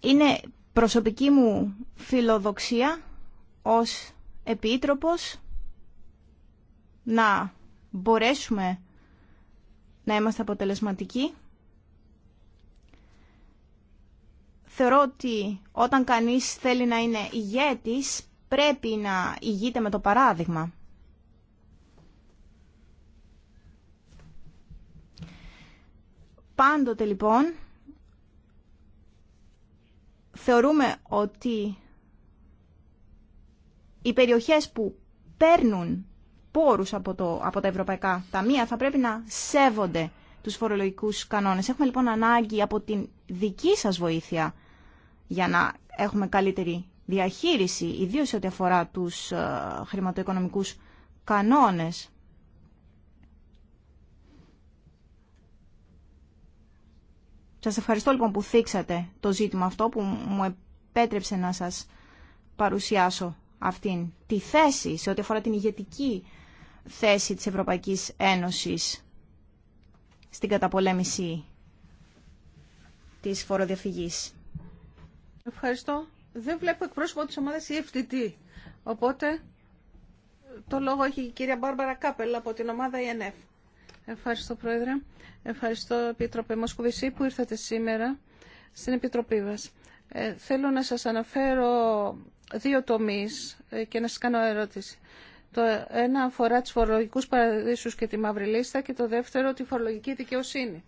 είναι προσωπική μου φιλοδοξία ως επίτροπος να μπορέσουμε να είμαστε αποτελεσματικοί. Θεωρώ ότι όταν κανείς θέλει να είναι ηγέτης πρέπει να ηγείται με το παράδειγμα. Πάντοτε λοιπόν θεωρούμε ότι οι περιοχές που παίρνουν πόρους από, το, από τα ευρωπαϊκά ταμεία θα πρέπει να σέβονται τους φορολογικούς κανόνες. Έχουμε λοιπόν ανάγκη από την δική σας βοήθεια για να έχουμε καλύτερη διαχείριση, ιδίως ό,τι αφορά τους ε, χρηματοοικονομικούς κανόνες. Σας ευχαριστώ λοιπόν που θίξατε το ζήτημα αυτό που μου επέτρεψε να σας παρουσιάσω αυτήν τη θέση σε ό,τι αφορά την ηγετική θέση της Ευρωπαϊκής Ένωσης στην καταπολέμηση της φοροδιαφυγής. Ευχαριστώ. Δεν βλέπω εκπρόσωπο της ομάδας EFTT. Οπότε το λόγο έχει η κυρία Μπάρμπαρα Κάπελ από την ομάδα ENF. Ευχαριστώ, Πρόεδρε. Ευχαριστώ, Επίτροπε Μοσκοβισή, που ήρθατε σήμερα στην Επιτροπή μας. Ε, θέλω να σας αναφέρω δύο τομείς ε, και να σας κάνω ερώτηση. Το ένα αφορά τις φορολογικούς παραδείσους και τη μαύρη λίστα και το δεύτερο τη φορολογική δικαιοσύνη.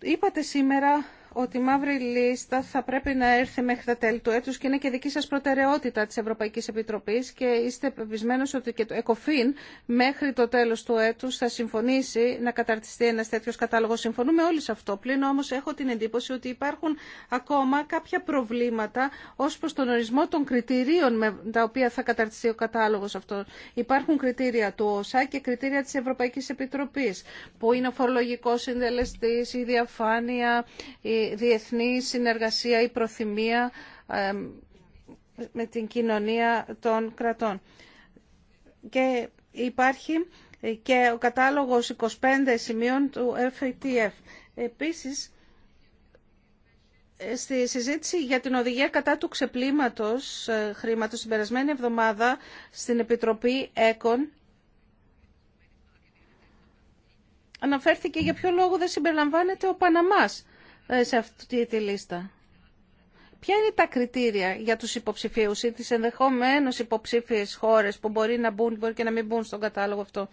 Είπατε σήμερα ότι η μαύρη λίστα θα πρέπει να έρθει μέχρι τα τέλη του έτους και είναι και δική σας προτεραιότητα της Ευρωπαϊκής Επιτροπής και είστε πεπισμένος ότι και το ΕΚΟΦΗΝ μέχρι το τέλος του έτους θα συμφωνήσει να καταρτιστεί ένας τέτοιος κατάλογος. Συμφωνούμε όλοι σε αυτό. Πλην όμως έχω την εντύπωση ότι υπάρχουν ακόμα κάποια προβλήματα ως προς τον ορισμό των κριτηρίων με τα οποία θα καταρτιστεί ο κατάλογος αυτό. Υπάρχουν κριτήρια του ΩΣΑ και κριτήρια της Ευρωπαϊκής Επιτροπής που είναι ο φορολογικός συντελεστής, η διαφάνεια, διεθνή συνεργασία ή προθυμία με την κοινωνία των κρατών. Και υπάρχει και ο κατάλογος 25 σημείων του FATF. Επίσης, στη συζήτηση για την οδηγία κατά του ξεπλήματος ε, χρήματος την περασμένη εβδομάδα στην Επιτροπή ΕΚΟΝ αναφέρθηκε για ποιο λόγο δεν συμπεριλαμβάνεται ο Παναμάς ε, σε αυτή τη λίστα. Ποια είναι τα κριτήρια για τους υποψηφίους ή τις ενδεχομένως υποψήφιες χώρες που μπορεί να μπουν μπορεί και να μην μπουν στον κατάλογο αυτό.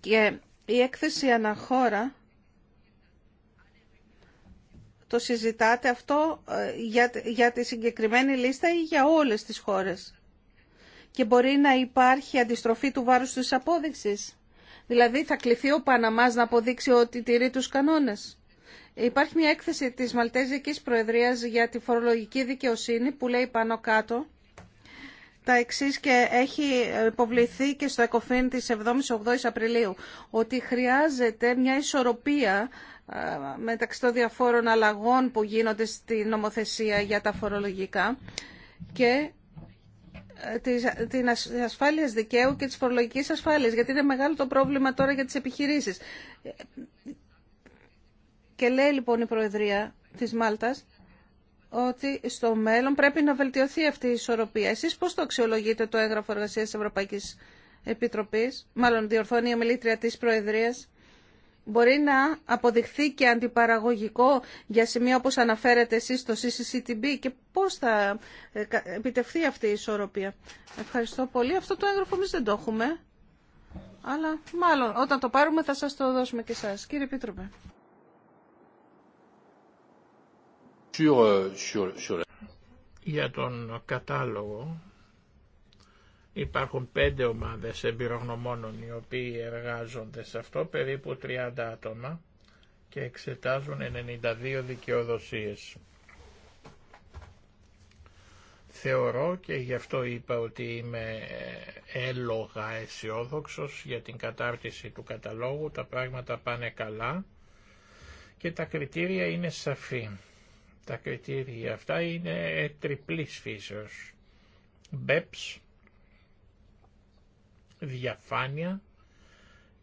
Και η έκθεση αναχώρα το συζητάτε αυτό ε, για, για τη συγκεκριμένη λίστα ή για όλες τις χώρες. Και μπορεί να υπάρχει αντιστροφή του βάρους της απόδειξης. Δηλαδή θα κληθεί ο Παναμάς να αποδείξει ότι τηρεί τους κανόνες. Υπάρχει μια έκθεση της Μαλτέζικης Προεδρίας για τη φορολογική δικαιοσύνη που λέει πάνω κάτω τα εξή και έχει υποβληθεί και στο ΕΚΟΦΗΝ της 7ης-8ης Απριλίου ότι χρειάζεται μια ισορροπία μεταξύ των διαφόρων αλλαγών που γίνονται στη νομοθεσία για τα φορολογικά και την ασφάλειας δικαίου και της φορολογικής ασφάλειας, γιατί είναι μεγάλο το πρόβλημα τώρα για τις επιχειρήσεις. Και λέει λοιπόν η Προεδρία της Μάλτας ότι στο μέλλον πρέπει να βελτιωθεί αυτή η ισορροπία. Εσείς πώς το αξιολογείτε το έγγραφο εργασίας της Ευρωπαϊκής Επιτροπής, μάλλον διορθώνει η ομιλήτρια της Προεδρίας μπορεί να αποδειχθεί και αντιπαραγωγικό για σημεία όπως αναφέρετε εσείς στο CCCTB και πώς θα ε, επιτευχθεί αυτή η ισορροπία. Ευχαριστώ πολύ. Αυτό το έγγραφο εμείς δεν το έχουμε. Αλλά μάλλον όταν το πάρουμε θα σας το δώσουμε και εσάς. Κύριε Επίτροπε. Euh, για τον κατάλογο Υπάρχουν πέντε ομάδες εμπειρογνωμόνων οι οποίοι εργάζονται σε αυτό, περίπου 30 άτομα και εξετάζουν 92 δικαιοδοσίες. Θεωρώ και γι' αυτό είπα ότι είμαι ε, έλογα αισιόδοξο για την κατάρτιση του καταλόγου, τα πράγματα πάνε καλά και τα κριτήρια είναι σαφή. Τα κριτήρια αυτά είναι ε, τριπλής φύσεως. BEPS, διαφάνεια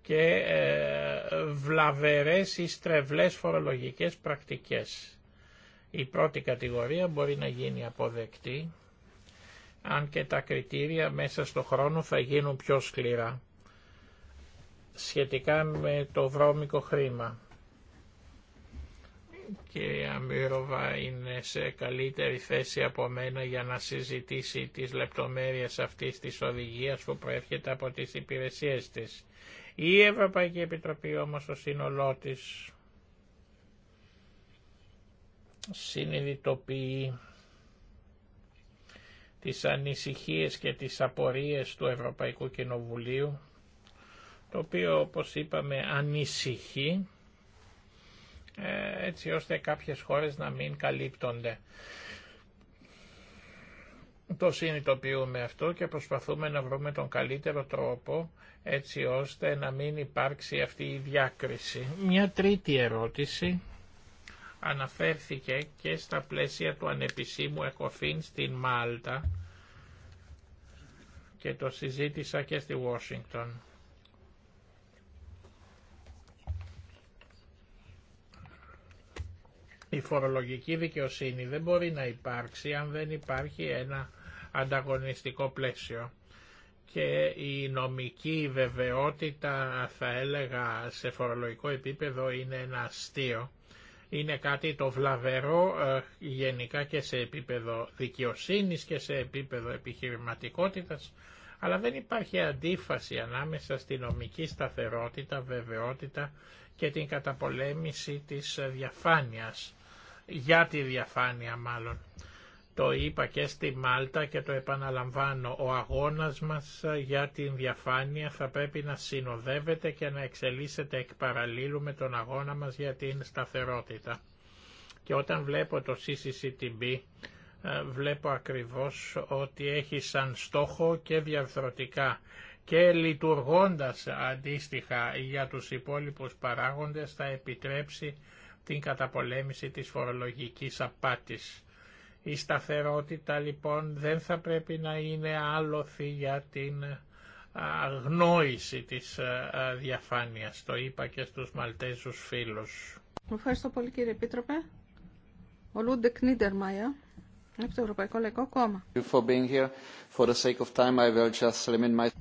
και ε, βλαβερές ή στρεβλές φορολογικές πρακτικές. Η πρώτη κατηγορία μπορεί να γίνει αποδεκτή, αν και τα κριτήρια μέσα στο χρόνο θα γίνουν πιο σκληρά σχετικά με το βρώμικο χρήμα κυρία Μύροβα είναι σε καλύτερη θέση από μένα για να συζητήσει τις λεπτομέρειες αυτής της οδηγίας που προέρχεται από τις υπηρεσίες της. Η Ευρωπαϊκή Επιτροπή όμως ο σύνολό της συνειδητοποιεί τις ανησυχίες και τις απορίες του Ευρωπαϊκού Κοινοβουλίου, το οποίο όπως είπαμε ανησυχεί ε, έτσι ώστε κάποιες χώρες να μην καλύπτονται. Το συνειδητοποιούμε αυτό και προσπαθούμε να βρούμε τον καλύτερο τρόπο έτσι ώστε να μην υπάρξει αυτή η διάκριση. Μια τρίτη ερώτηση αναφέρθηκε και στα πλαίσια του ανεπισήμου ΕΚΟΦΗΝ στην Μάλτα και το συζήτησα και στη Washington. Η φορολογική δικαιοσύνη δεν μπορεί να υπάρξει αν δεν υπάρχει ένα ανταγωνιστικό πλαίσιο και η νομική βεβαιότητα θα έλεγα σε φορολογικό επίπεδο είναι ένα αστείο. Είναι κάτι το βλαβερό ε, γενικά και σε επίπεδο δικαιοσύνης και σε επίπεδο επιχειρηματικότητας, αλλά δεν υπάρχει αντίφαση ανάμεσα στη νομική σταθερότητα, βεβαιότητα και την καταπολέμηση της διαφάνειας για τη διαφάνεια μάλλον. Το είπα και στη Μάλτα και το επαναλαμβάνω, ο αγώνας μας για την διαφάνεια θα πρέπει να συνοδεύεται και να εξελίσσεται εκ παραλλήλου με τον αγώνα μας για την σταθερότητα. Και όταν βλέπω το CCCTB, ε, βλέπω ακριβώς ότι έχει σαν στόχο και διαρθρωτικά και λειτουργώντας αντίστοιχα για τους υπόλοιπους παράγοντες θα επιτρέψει την καταπολέμηση της φορολογικής απάτης. Η σταθερότητα λοιπόν δεν θα πρέπει να είναι άλοθη για την αγνόηση της διαφάνειας. Το είπα και στους Μαλτέζους φίλους. Ευχαριστώ πολύ κύριε Επίτροπε. Ο Λούντε Κνίτερ Μάια, από το Ευρωπαϊκό Λαϊκό Κόμμα.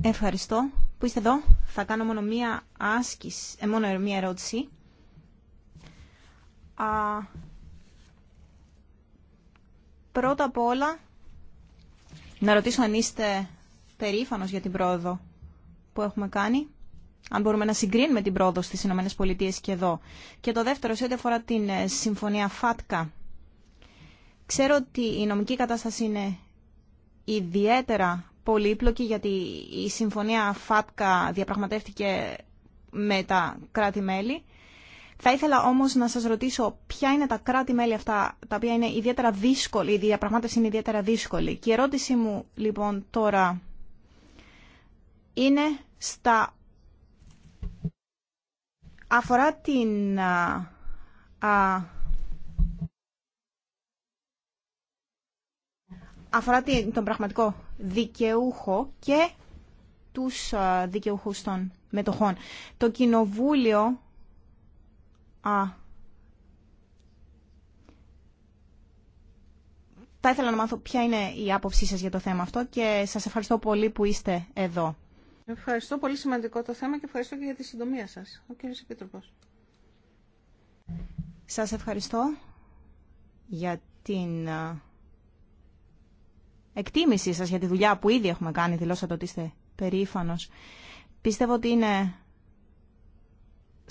Ευχαριστώ που είστε εδώ. Θα κάνω μόνο μία άσκηση, ε, μόνο μία ερώτηση πρώτα απ' όλα να ρωτήσω αν είστε περήφανος για την πρόοδο που έχουμε κάνει. Αν μπορούμε να συγκρίνουμε την πρόοδο στις Ηνωμένες Πολιτείες και εδώ. Και το δεύτερο, σε ό,τι αφορά την ε, συμφωνία ΦΑΤΚΑ. Ξέρω ότι η νομική κατάσταση είναι ιδιαίτερα πολύπλοκη, γιατί η συμφωνία ΦΑΤΚΑ διαπραγματεύτηκε με τα κράτη-μέλη θα ήθελα όμως να σας ρωτήσω ποια είναι τα κράτη-μέλη αυτά τα οποία είναι ιδιαίτερα δύσκολη, η διαπραγμάτευση είναι ιδιαίτερα δύσκολη. Και η ερώτηση μου λοιπόν τώρα είναι στα... Αφορά την... Α, αφορά τον πραγματικό δικαιούχο και τους δικαιούχους των μετοχών. Το Κοινοβούλιο Α. Θα ήθελα να μάθω ποια είναι η άποψή σας για το θέμα αυτό και σας ευχαριστώ πολύ που είστε εδώ. Ευχαριστώ, πολύ σημαντικό το θέμα και ευχαριστώ και για τη συντομία σας, ο κύριος Επίτροπος. Σας ευχαριστώ για την εκτίμησή σας για τη δουλειά που ήδη έχουμε κάνει, δηλώσατε ότι είστε περήφανος. Πιστεύω ότι είναι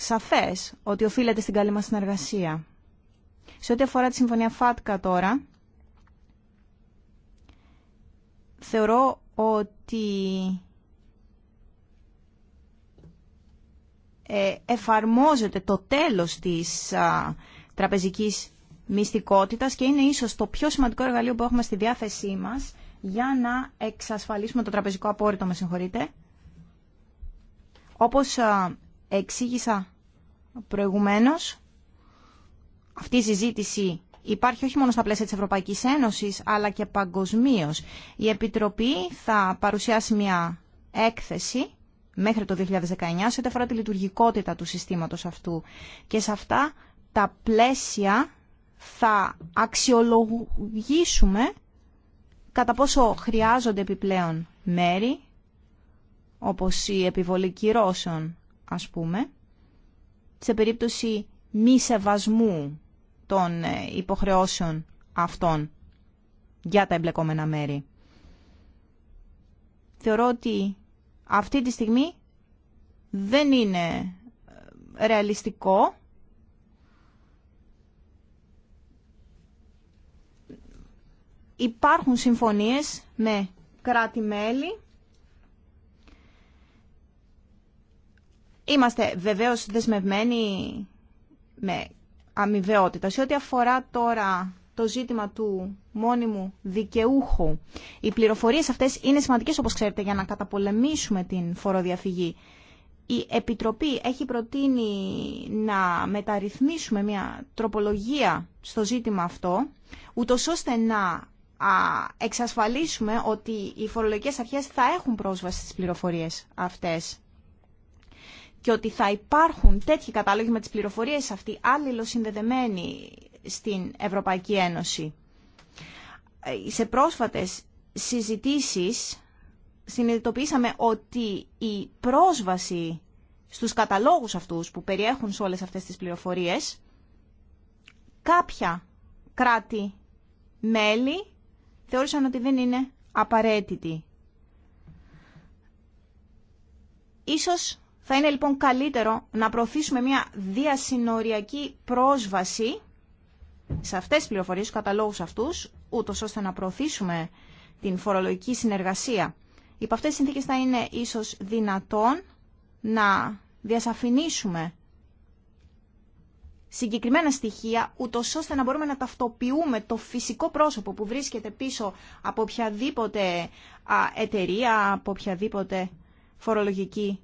σαφές ότι οφείλεται στην καλή μας συνεργασία. Σε ό,τι αφορά τη Συμφωνία ΦΑΤΚΑ τώρα, θεωρώ ότι ε, εφαρμόζεται το τέλος της α, τραπεζικής μυστικότητας και είναι ίσως το πιο σημαντικό εργαλείο που έχουμε στη διάθεσή μας για να εξασφαλίσουμε το τραπεζικό απόρριτο, με συγχωρείτε. Όπως εξήγησα προηγουμένως, αυτή η συζήτηση υπάρχει όχι μόνο στα πλαίσια της Ευρωπαϊκής Ένωσης, αλλά και παγκοσμίω. Η Επιτροπή θα παρουσιάσει μια έκθεση μέχρι το 2019 σε ό,τι αφορά τη λειτουργικότητα του συστήματος αυτού. Και σε αυτά τα πλαίσια θα αξιολογήσουμε κατά πόσο χρειάζονται επιπλέον μέρη, όπως η επιβολή κυρώσεων ας πούμε, σε περίπτωση μη σεβασμού των ε, υποχρεώσεων αυτών για τα εμπλεκόμενα μέρη. Θεωρώ ότι αυτή τη στιγμή δεν είναι ε, ρεαλιστικό υπάρχουν συμφωνίες με κράτη-μέλη Είμαστε βεβαίως δεσμευμένοι με αμοιβαιότητα. Σε ό,τι αφορά τώρα το ζήτημα του μόνιμου δικαιούχου, οι πληροφορίες αυτές είναι σημαντικές όπως ξέρετε για να καταπολεμήσουμε την φοροδιαφυγή. Η Επιτροπή έχει προτείνει να μεταρρυθμίσουμε μια τροπολογία στο ζήτημα αυτό, ούτως ώστε να εξασφαλίσουμε ότι οι φορολογικές αρχές θα έχουν πρόσβαση στις πληροφορίες αυτές και ότι θα υπάρχουν τέτοιοι κατάλογοι με τις πληροφορίες αυτοί συνδεδεμένοι στην Ευρωπαϊκή Ένωση. Ε, σε πρόσφατες συζητήσεις συνειδητοποίησαμε ότι η πρόσβαση στους καταλόγους αυτούς που περιέχουν σε όλες αυτές τις πληροφορίες κάποια κράτη μέλη θεώρησαν ότι δεν είναι απαραίτητη. Ίσως θα είναι λοιπόν καλύτερο να προωθήσουμε μια διασυνοριακή πρόσβαση σε αυτές τις πληροφορίες, στους καταλόγους αυτούς, ούτως ώστε να προωθήσουμε την φορολογική συνεργασία. Υπό αυτές τις συνθήκες θα είναι ίσως δυνατόν να διασαφηνίσουμε συγκεκριμένα στοιχεία, ούτως ώστε να μπορούμε να ταυτοποιούμε το φυσικό πρόσωπο που βρίσκεται πίσω από οποιαδήποτε εταιρεία, από οποιαδήποτε φορολογική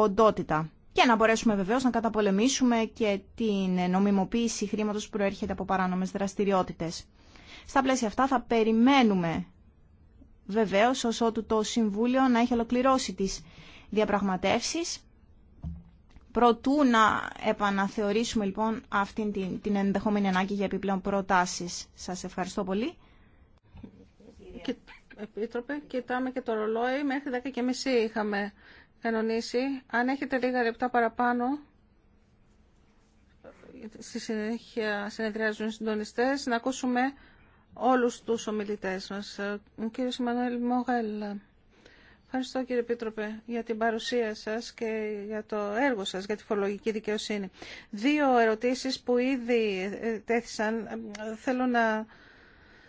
οντότητα. Και να μπορέσουμε βεβαίως να καταπολεμήσουμε και την νομιμοποίηση χρήματος που προέρχεται από παράνομες δραστηριότητες. Στα πλαίσια αυτά θα περιμένουμε βεβαίως ως ότου το Συμβούλιο να έχει ολοκληρώσει τις διαπραγματεύσεις. Προτού να επαναθεωρήσουμε λοιπόν αυτή την, την ενδεχόμενη ανάγκη για επιπλέον προτάσεις. Σας ευχαριστώ πολύ. Επίτροπε, κοιτάμε και το ρολόι. Μέχρι 10.30 είχαμε κανονίσει. Αν έχετε λίγα λεπτά παραπάνω, στη συνέχεια συνεδριάζουν οι συντονιστές, να ακούσουμε όλους τους ομιλητές μας. Ο κύριος Μανουέλ Μογέλ, ευχαριστώ κύριε πίτροπε για την παρουσία σας και για το έργο σας, για τη φορολογική δικαιοσύνη. Δύο ερωτήσεις που ήδη τέθησαν, θέλω να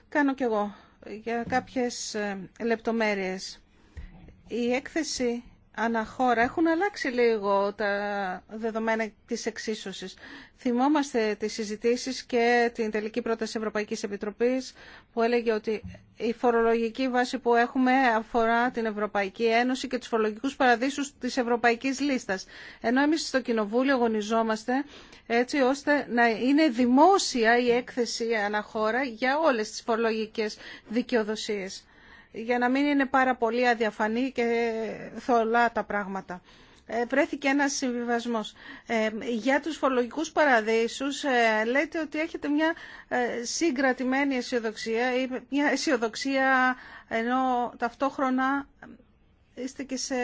κάνω κι εγώ για κάποιες ε, λεπτομέρειες. Η έκθεση αναχώρα έχουν αλλάξει λίγο τα δεδομένα της εξίσωσης. Θυμόμαστε τις συζητήσεις και την τελική πρόταση Ευρωπαϊκής Επιτροπής που έλεγε ότι η φορολογική βάση που έχουμε αφορά την Ευρωπαϊκή Ένωση και τους φορολογικούς παραδείσους της Ευρωπαϊκής Λίστας. Ενώ εμείς στο Κοινοβούλιο αγωνιζόμαστε έτσι ώστε να είναι δημόσια η έκθεση αναχώρα για όλες τις φορολογικές δικαιοδοσίες για να μην είναι πάρα πολύ αδιαφανή και θολά τα πράγματα. Ε, βρέθηκε ένας συμβιβασμός. Ε, για τους φορολογικούς παραδείσους ε, λέτε ότι έχετε μια συγκρατημένη αισιοδοξία ή μια αισιοδοξία ενώ ταυτόχρονα είστε και σε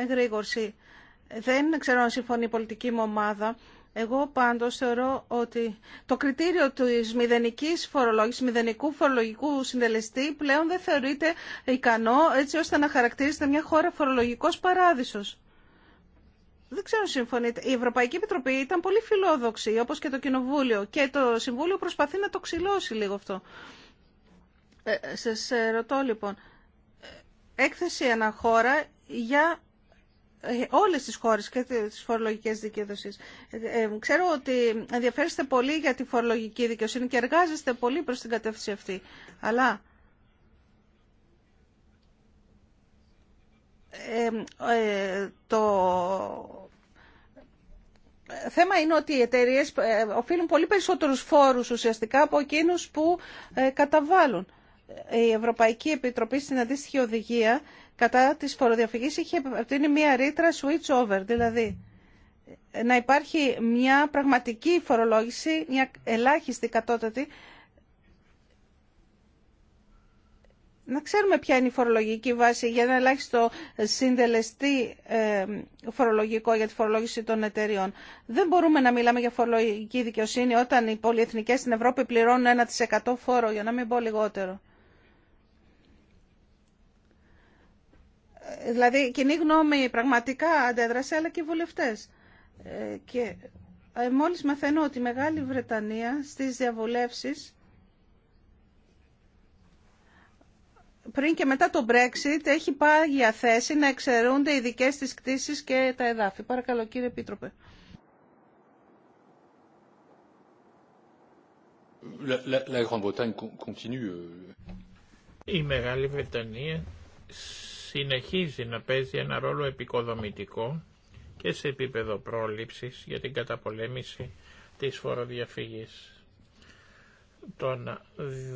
εγρήγορση. Δεν ξέρω αν συμφωνεί η πολιτική μου ομάδα εγώ πάντω θεωρώ ότι το κριτήριο τη μηδενική φορολόγηση, μηδενικού φορολογικού συντελεστή πλέον δεν θεωρείται ικανό έτσι ώστε να χαρακτηρίζεται μια χώρα φορολογικός παράδεισος. Δεν ξέρω συμφωνείτε. Η Ευρωπαϊκή Επιτροπή ήταν πολύ φιλόδοξη, όπως και το Κοινοβούλιο. Και το Συμβούλιο προσπαθεί να το ξυλώσει λίγο αυτό. Ε, ε, ε ρωτώ λοιπόν. Ε, έκθεση αναχώρα για ε, όλες τις χώρες και τις φορολογικές δικαιοδοσίες. Ε, ε, ξέρω ότι ενδιαφέρεστε πολύ για τη φορολογική δικαιοσύνη και εργάζεστε πολύ προς την κατεύθυνση αυτή. Αλλά το θέμα είναι ότι οι εταιρείε οφείλουν πολύ περισσότερους φόρους ουσιαστικά από εκείνους που καταβάλουν. Η Ευρωπαϊκή Επιτροπή στην αντίστοιχη οδηγία κατά της φοροδιαφυγής είχε είναι μία ρήτρα switch over, δηλαδή ε, να υπάρχει μια πραγματική φορολόγηση, μια ελάχιστη κατώτατη, να ξέρουμε ποια είναι η φορολογική βάση για ένα ελάχιστο συντελεστή ε, φορολογικό για τη φορολόγηση των εταιριών. Δεν μπορούμε να μιλάμε για φορολογική δικαιοσύνη όταν οι πολυεθνικές στην Ευρώπη πληρώνουν 1% φόρο, για να μην πω λιγότερο. Δηλαδή, κοινή γνώμη πραγματικά αντέδρασε, αλλά και οι βουλευτές. Ε, και ε, μόλις μαθαίνω ότι η Μεγάλη Βρετανία στις διαβουλεύσεις πριν και μετά το Brexit έχει για θέση να εξαιρούνται οι δικές της κτήσεις και τα εδάφη. Παρακαλώ κύριε Επίτροπε. Euh. Η Μεγάλη Βρετανία συνεχίζει να παίζει ένα ρόλο επικοδομητικό και σε επίπεδο πρόληψης για την καταπολέμηση της φοροδιαφυγής. Το να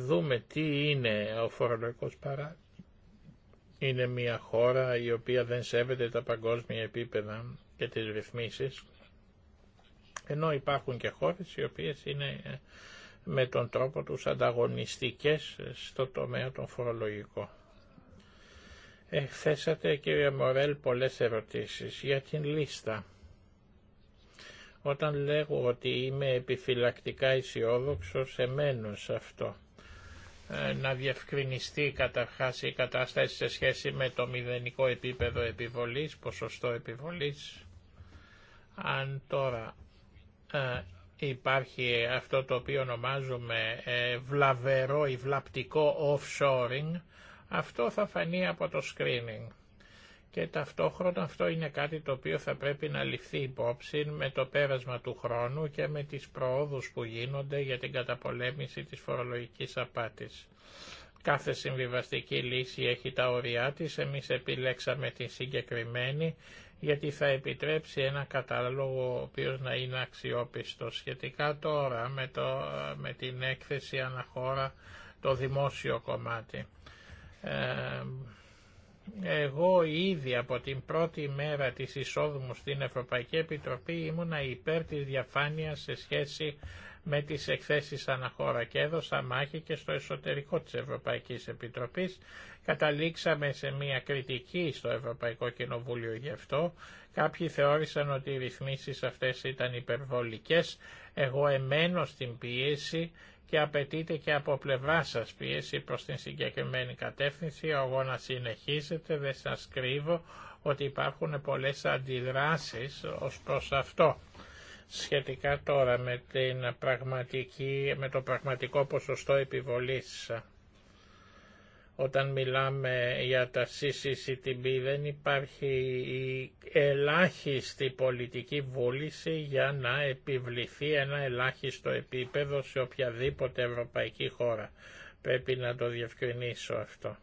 δούμε τι είναι ο φορολογικός παράδειγμα. Είναι μια χώρα η οποία δεν σέβεται τα παγκόσμια επίπεδα και τις ρυθμίσεις, ενώ υπάρχουν και χώρες οι οποίες είναι ε, με τον τρόπο τους ανταγωνιστικές στο τομέα των φορολογικών. Εκθέσατε κύριε Μορέλ πολλές ερωτήσεις για την λίστα. Όταν λέγω ότι είμαι επιφυλακτικά αισιόδοξο εμένω σε αυτό. Ε, να διευκρινιστεί καταρχάς η κατάσταση σε σχέση με το μηδενικό επίπεδο επιβολής, ποσοστό επιβολής. Αν τώρα ε, υπάρχει αυτό το οποίο ονομάζουμε ε, βλαβερό ή βλαπτικό offshoring, αυτό θα φανεί από το screening. Και ταυτόχρονα αυτό είναι κάτι το οποίο θα πρέπει να ληφθεί υπόψη με το πέρασμα του χρόνου και με τις προόδους που γίνονται για την καταπολέμηση της φορολογικής απάτης. Κάθε συμβιβαστική λύση έχει τα όρια της, εμείς επιλέξαμε τη συγκεκριμένη γιατί θα επιτρέψει ένα κατάλογο ο οποίος να είναι αξιόπιστο Σχετικά τώρα με, με την έκθεση αναχώρα το δημόσιο κομμάτι. Ε, εγώ ήδη από την πρώτη μέρα της εισόδου μου στην Ευρωπαϊκή Επιτροπή ήμουνα υπέρ της διαφάνειας σε σχέση με τις εκθέσεις αναχώρα και έδωσα μάχη και στο εσωτερικό της Ευρωπαϊκής Επιτροπής. Καταλήξαμε σε μια κριτική στο Ευρωπαϊκό Κοινοβούλιο γι' αυτό. Κάποιοι θεώρησαν ότι οι ρυθμίσεις αυτές ήταν υπερβολικές. Εγώ εμένω στην πίεση και απαιτείται και από πλευρά σας πίεση προς την συγκεκριμένη κατεύθυνση. Ο να συνεχίζεται, δεν σας κρύβω ότι υπάρχουν πολλές αντιδράσεις ως προς αυτό. Σχετικά τώρα με, την πραγματική, με το πραγματικό ποσοστό επιβολής όταν μιλάμε για τα CCCTB δεν υπάρχει η ελάχιστη πολιτική βούληση για να επιβληθεί ένα ελάχιστο επίπεδο σε οποιαδήποτε ευρωπαϊκή χώρα. Πρέπει να το διευκρινίσω αυτό.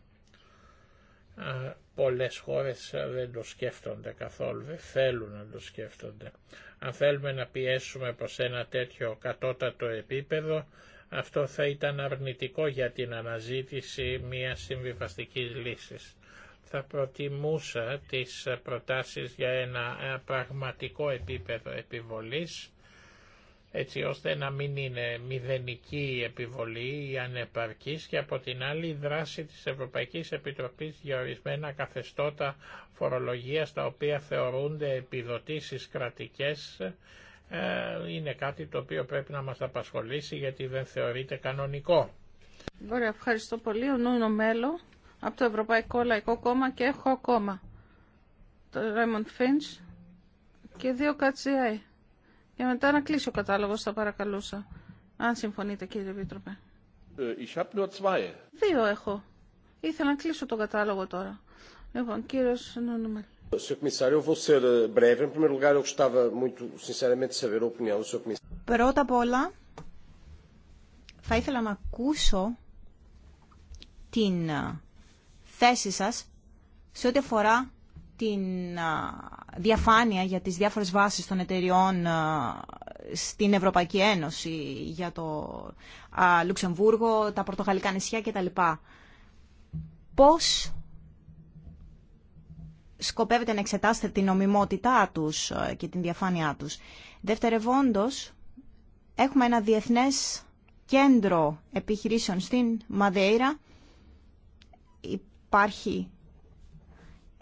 Πολλές χώρες δεν το σκέφτονται καθόλου, δεν θέλουν να το σκέφτονται. Αν θέλουμε να πιέσουμε προς ένα τέτοιο κατώτατο επίπεδο, αυτό θα ήταν αρνητικό για την αναζήτηση μιας συμβιβαστικής λύσης. Θα προτιμούσα τις προτάσεις για ένα ε, πραγματικό επίπεδο επιβολής, έτσι ώστε να μην είναι μηδενική η επιβολή ή ανεπαρκής και από την άλλη η δράση της Ευρωπαϊκής Επιτροπής για ορισμένα καθεστώτα φορολογίας τα οποία θεωρούνται επιδοτήσεις κρατικές ε, είναι κάτι το οποίο πρέπει να μας απασχολήσει γιατί δεν θεωρείται κανονικό. Ωραία, ευχαριστώ πολύ. Ο Νούνο Μέλο από το Ευρωπαϊκό Λαϊκό Κόμμα και έχω κόμμα. Το Ρέμοντ Finch και δύο κατσιάι. Και μετά να κλείσει ο κατάλογος, θα παρακαλούσα. Αν συμφωνείτε κύριε Επίτροπε. Ε, δύο έχω. Ήθελα να κλείσω τον κατάλογο τώρα. Λοιπόν, κύριος Νούνο Μέλο. Πρώτα απ' όλα, θα ήθελα να ακούσω την ε, θέση σας σε ό,τι αφορά την ε, διαφάνεια για τις διάφορες βάσεις των εταιριών ε, στην Ευρωπαϊκή Ένωση, για το Λουξεμβούργο, τα Πορτογαλικά νησιά κτλ. Πώς σκοπεύετε να εξετάσετε την ομιμότητά τους ε, και την διαφάνειά τους. Δευτερευόντως, έχουμε ένα διεθνές κέντρο επιχειρήσεων στην Μαδέιρα. Υπάρχει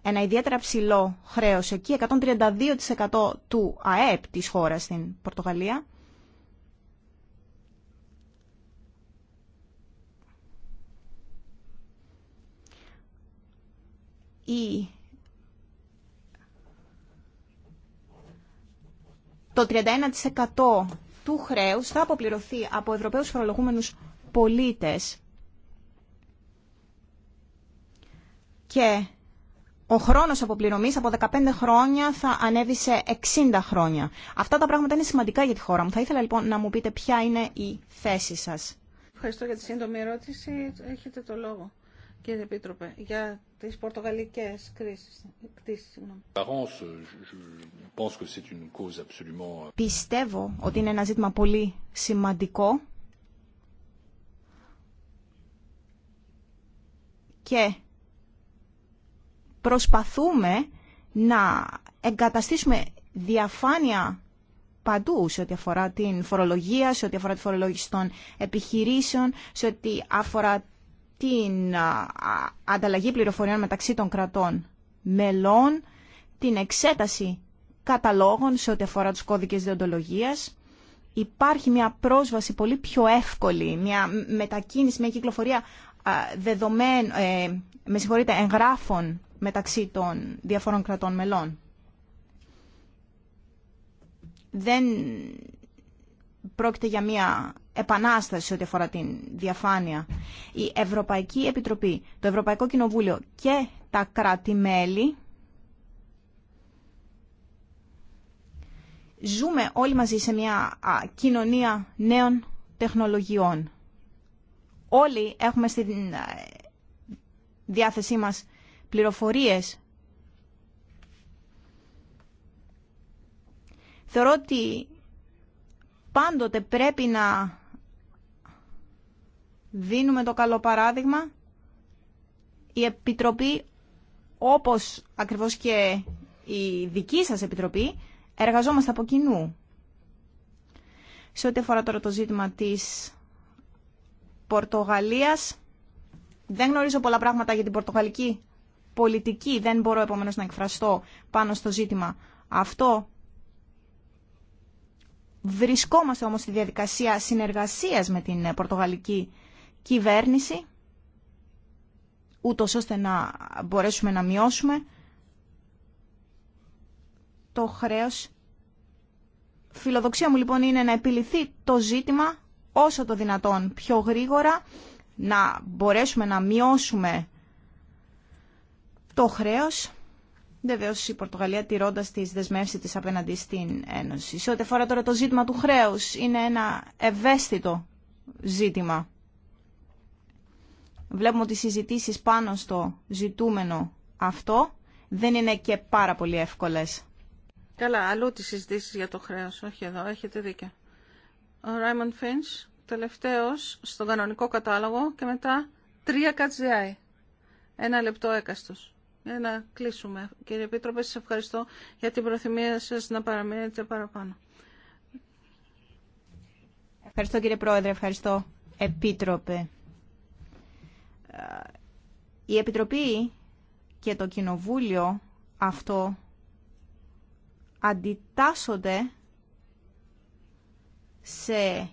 ένα ιδιαίτερα ψηλό χρέος εκεί, 132% του ΑΕΠ της χώρας στην Πορτογαλία. Η το 31% του χρέους θα αποπληρωθεί από Ευρωπαίους φορολογούμενους πολίτες. Και ο χρόνος αποπληρωμής από 15 χρόνια θα ανέβει σε 60 χρόνια. Αυτά τα πράγματα είναι σημαντικά για τη χώρα μου. Θα ήθελα λοιπόν να μου πείτε ποια είναι η θέση σας. Ευχαριστώ για τη σύντομη ερώτηση. Έχετε το λόγο κύριε Επίτροπε, για τι πορτογαλικέ κρίσεις, ε, ε, Πιστεύω ότι είναι ένα ζήτημα πολύ σημαντικό και προσπαθούμε να εγκαταστήσουμε διαφάνεια παντού σε ό,τι αφορά την φορολογία, σε ό,τι αφορά τη φορολόγηση των επιχειρήσεων, σε ό,τι αφορά την ανταλλαγή πληροφοριών μεταξύ των κρατών μελών, την εξέταση καταλόγων σε ό,τι αφορά τους κώδικες διοντολογίας. Υπάρχει μια πρόσβαση πολύ πιο εύκολη, μια μετακίνηση, μια κυκλοφορία δεδομένων, ε, με συγχωρείτε, εγγράφων μεταξύ των διαφορών κρατών μελών. Δεν πρόκειται για μια επανάσταση ό,τι αφορά την διαφάνεια. Η Ευρωπαϊκή Επιτροπή, το Ευρωπαϊκό Κοινοβούλιο και τα κράτη-μέλη ζούμε όλοι μαζί σε μια κοινωνία νέων τεχνολογιών. Όλοι έχουμε στη ε, διάθεσή μας πληροφορίες. Θεωρώ ότι πάντοτε πρέπει να δίνουμε το καλό παράδειγμα. Η Επιτροπή, όπως ακριβώς και η δική σας Επιτροπή, εργαζόμαστε από κοινού. Σε ό,τι αφορά τώρα το ζήτημα της Πορτογαλίας, δεν γνωρίζω πολλά πράγματα για την πορτογαλική πολιτική, δεν μπορώ επομένως να εκφραστώ πάνω στο ζήτημα αυτό. Βρισκόμαστε όμως στη διαδικασία συνεργασίας με την πορτογαλική κυβέρνηση, ούτω ώστε να μπορέσουμε να μειώσουμε το χρέος. Φιλοδοξία μου λοιπόν είναι να επιληθεί το ζήτημα όσο το δυνατόν πιο γρήγορα, να μπορέσουμε να μειώσουμε το χρέος, Βεβαίω η Πορτογαλία τηρώντας τις δεσμεύσεις της απέναντι στην Ένωση. Σε ό,τι αφορά τώρα το ζήτημα του χρέους, είναι ένα ευαίσθητο ζήτημα. Βλέπουμε ότι οι συζητήσεις πάνω στο ζητούμενο αυτό δεν είναι και πάρα πολύ εύκολες. Καλά, αλλού τις συζητήσεις για το χρέος, όχι εδώ, έχετε δίκιο. Ο Ράιμον Φίντς, τελευταίος, στον κανονικό κατάλογο και μετά τρία κατζιάι. Ένα λεπτό έκαστος. Για να κλείσουμε. Κύριε Επίτροπε, σας ευχαριστώ για την προθυμία σας να παραμείνετε παραπάνω. Ευχαριστώ κύριε Πρόεδρε, ευχαριστώ Επίτροπε. Η Επιτροπή και το Κοινοβούλιο αυτό αντιτάσσονται σε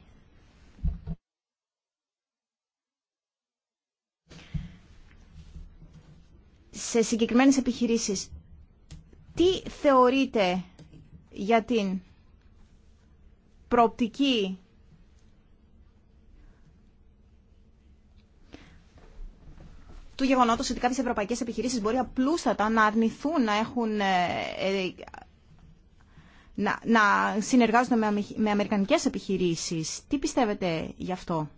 σε συγκεκριμένες επιχειρήσεις. Τι θεωρείτε για την προοπτική του γεγονότος ότι κάποιες ευρωπαϊκές επιχειρήσεις μπορεί απλούστατα να αρνηθούν να έχουν ε, ε, να, συνεργάζονται με, με αμερικανικές επιχειρήσεις. Τι πιστεύετε γι' αυτό?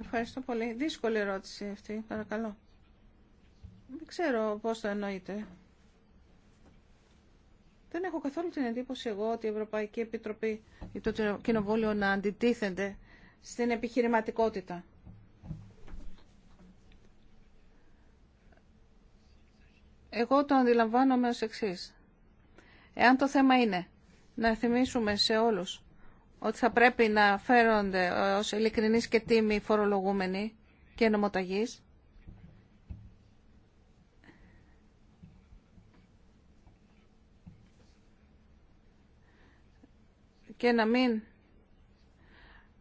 Ευχαριστώ πολύ. Δύσκολη ερώτηση αυτή, παρακαλώ. Δεν ξέρω πώς το εννοείτε. Δεν έχω καθόλου την εντύπωση εγώ ότι η Ευρωπαϊκή Επιτροπή ή το Κοινοβούλιο να αντιτίθενται στην επιχειρηματικότητα. Εγώ το αντιλαμβάνομαι ως εξή. Εάν το θέμα είναι να θυμίσουμε σε όλους ότι θα πρέπει να φέρονται ε, ως ειλικρινείς και τίμοι φορολογούμενοι και νομοταγείς, και να μην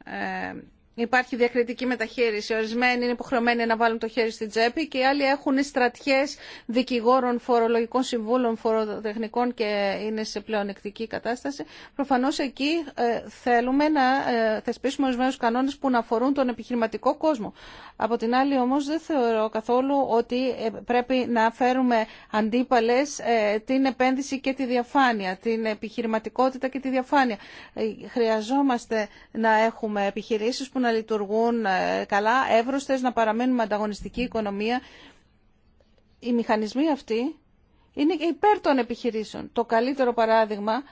ε, Υπάρχει διακριτική μεταχείριση. Ορισμένοι είναι υποχρεωμένοι να βάλουν το χέρι στην τσέπη και οι άλλοι έχουν στρατιέ δικηγόρων, φορολογικών συμβούλων, φοροτεχνικών και είναι σε πλεονεκτική κατάσταση. Προφανώ εκεί ε, θέλουμε να ε, θεσπίσουμε ορισμένου κανόνε που να αφορούν τον επιχειρηματικό κόσμο. Από την άλλη όμω δεν θεωρώ καθόλου ότι ε, πρέπει να φέρουμε αντίπαλες την επένδυση και τη διαφάνεια, την επιχειρηματικότητα και τη διαφάνεια. Χρειαζόμαστε να έχουμε επιχειρήσει να λειτουργούν ε, καλά, εύρωστες, να παραμένουμε ανταγωνιστική οικονομία. Οι μηχανισμοί αυτοί είναι υπέρ των επιχειρήσεων. Το καλύτερο παράδειγμα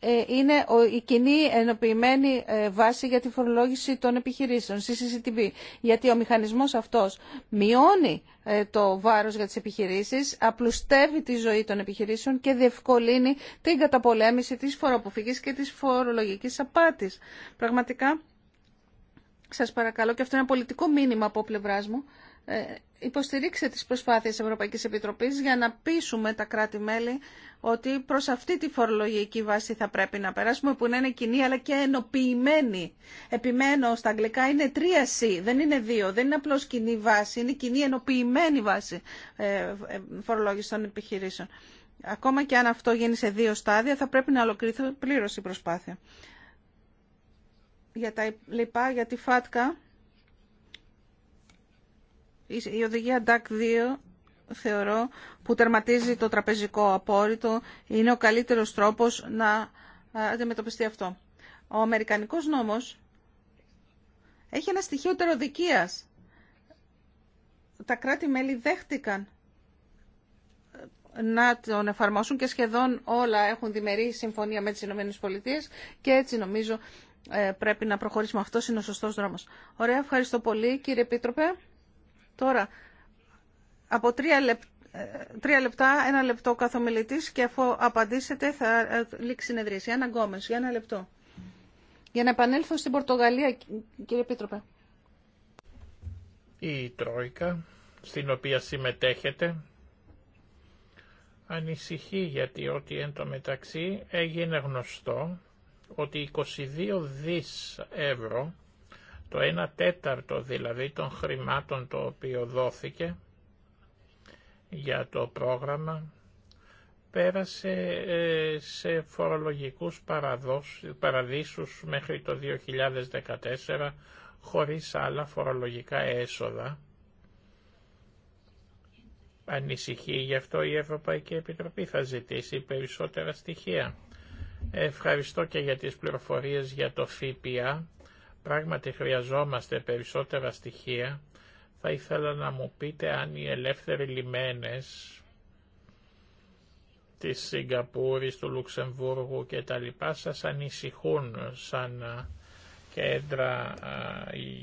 ε, είναι η κοινή ενοποιημένη ε, βάση για τη φορολόγηση των επιχειρήσεων, CCCTV. Γιατί ο μηχανισμός αυτός μειώνει το βάρος για τις επιχειρήσεις, απλουστεύει τη ζωή των επιχειρήσεων και διευκολύνει την καταπολέμηση της φοροποφυγής και της φορολογικής απάτης. Πραγματικά σας παρακαλώ, και αυτό είναι ένα πολιτικό μήνυμα από πλευρά μου, ε, υποστηρίξτε τις προσπάθειες της Ευρωπαϊκής Επιτροπής για να πείσουμε τα κράτη-μέλη ότι προς αυτή τη φορολογική βάση θα πρέπει να περάσουμε, που να είναι κοινή αλλά και ενοποιημένη. Επιμένω, στα αγγλικά τρία 3C, δεν είναι δύο, δεν είναι απλώς κοινή βάση, είναι κοινή ενοποιημένη βάση ε, ε, φορολόγηση των επιχειρήσεων. Ακόμα και αν αυτό γίνει σε δύο στάδια, θα πρέπει να ολοκληρωθεί πλήρως η προσπάθεια για τα λοιπά, για τη ΦΑΤΚΑ, η οδηγία DAC 2 θεωρώ που τερματίζει το τραπεζικό απόρριτο είναι ο καλύτερος τρόπος να αντιμετωπιστεί αυτό. Ο Αμερικανικός νόμος έχει ένα στοιχείο τεροδικίας. Τα κράτη-μέλη δέχτηκαν ε, να τον εφαρμόσουν και σχεδόν όλα έχουν διμερή συμφωνία με τις Ηνωμένες Πολιτείες και έτσι νομίζω ε, πρέπει να προχωρήσουμε. Αυτό είναι ο σωστός δρόμο. Ωραία, ευχαριστώ πολύ κύριε πίτροπε Τώρα, από τρία, λεπ... Ε, λεπτά, ένα λεπτό καθομιλητής και αφού απαντήσετε θα ε, λήξει συνεδρίαση. Ένα γκόμες, για ένα λεπτό. Για να επανέλθω στην Πορτογαλία, κύριε Επίτροπε. Η Τρόικα, στην οποία συμμετέχετε, ανησυχεί γιατί ότι εν τω μεταξύ έγινε γνωστό ότι 22 δις ευρώ, το 1 τέταρτο δηλαδή των χρημάτων το οποίο δόθηκε για το πρόγραμμα, πέρασε ε, σε φορολογικούς παραδείσους μέχρι το 2014 χωρίς άλλα φορολογικά έσοδα. Ανησυχεί γι' αυτό η Ευρωπαϊκή Επιτροπή θα ζητήσει περισσότερα στοιχεία. Ευχαριστώ και για τις πληροφορίες για το ΦΠΑ. Πράγματι χρειαζόμαστε περισσότερα στοιχεία. Θα ήθελα να μου πείτε αν οι ελεύθεροι λιμένες της Σιγκαπούρης, του Λουξεμβούργου και τα λοιπά σας ανησυχούν σαν κέντρα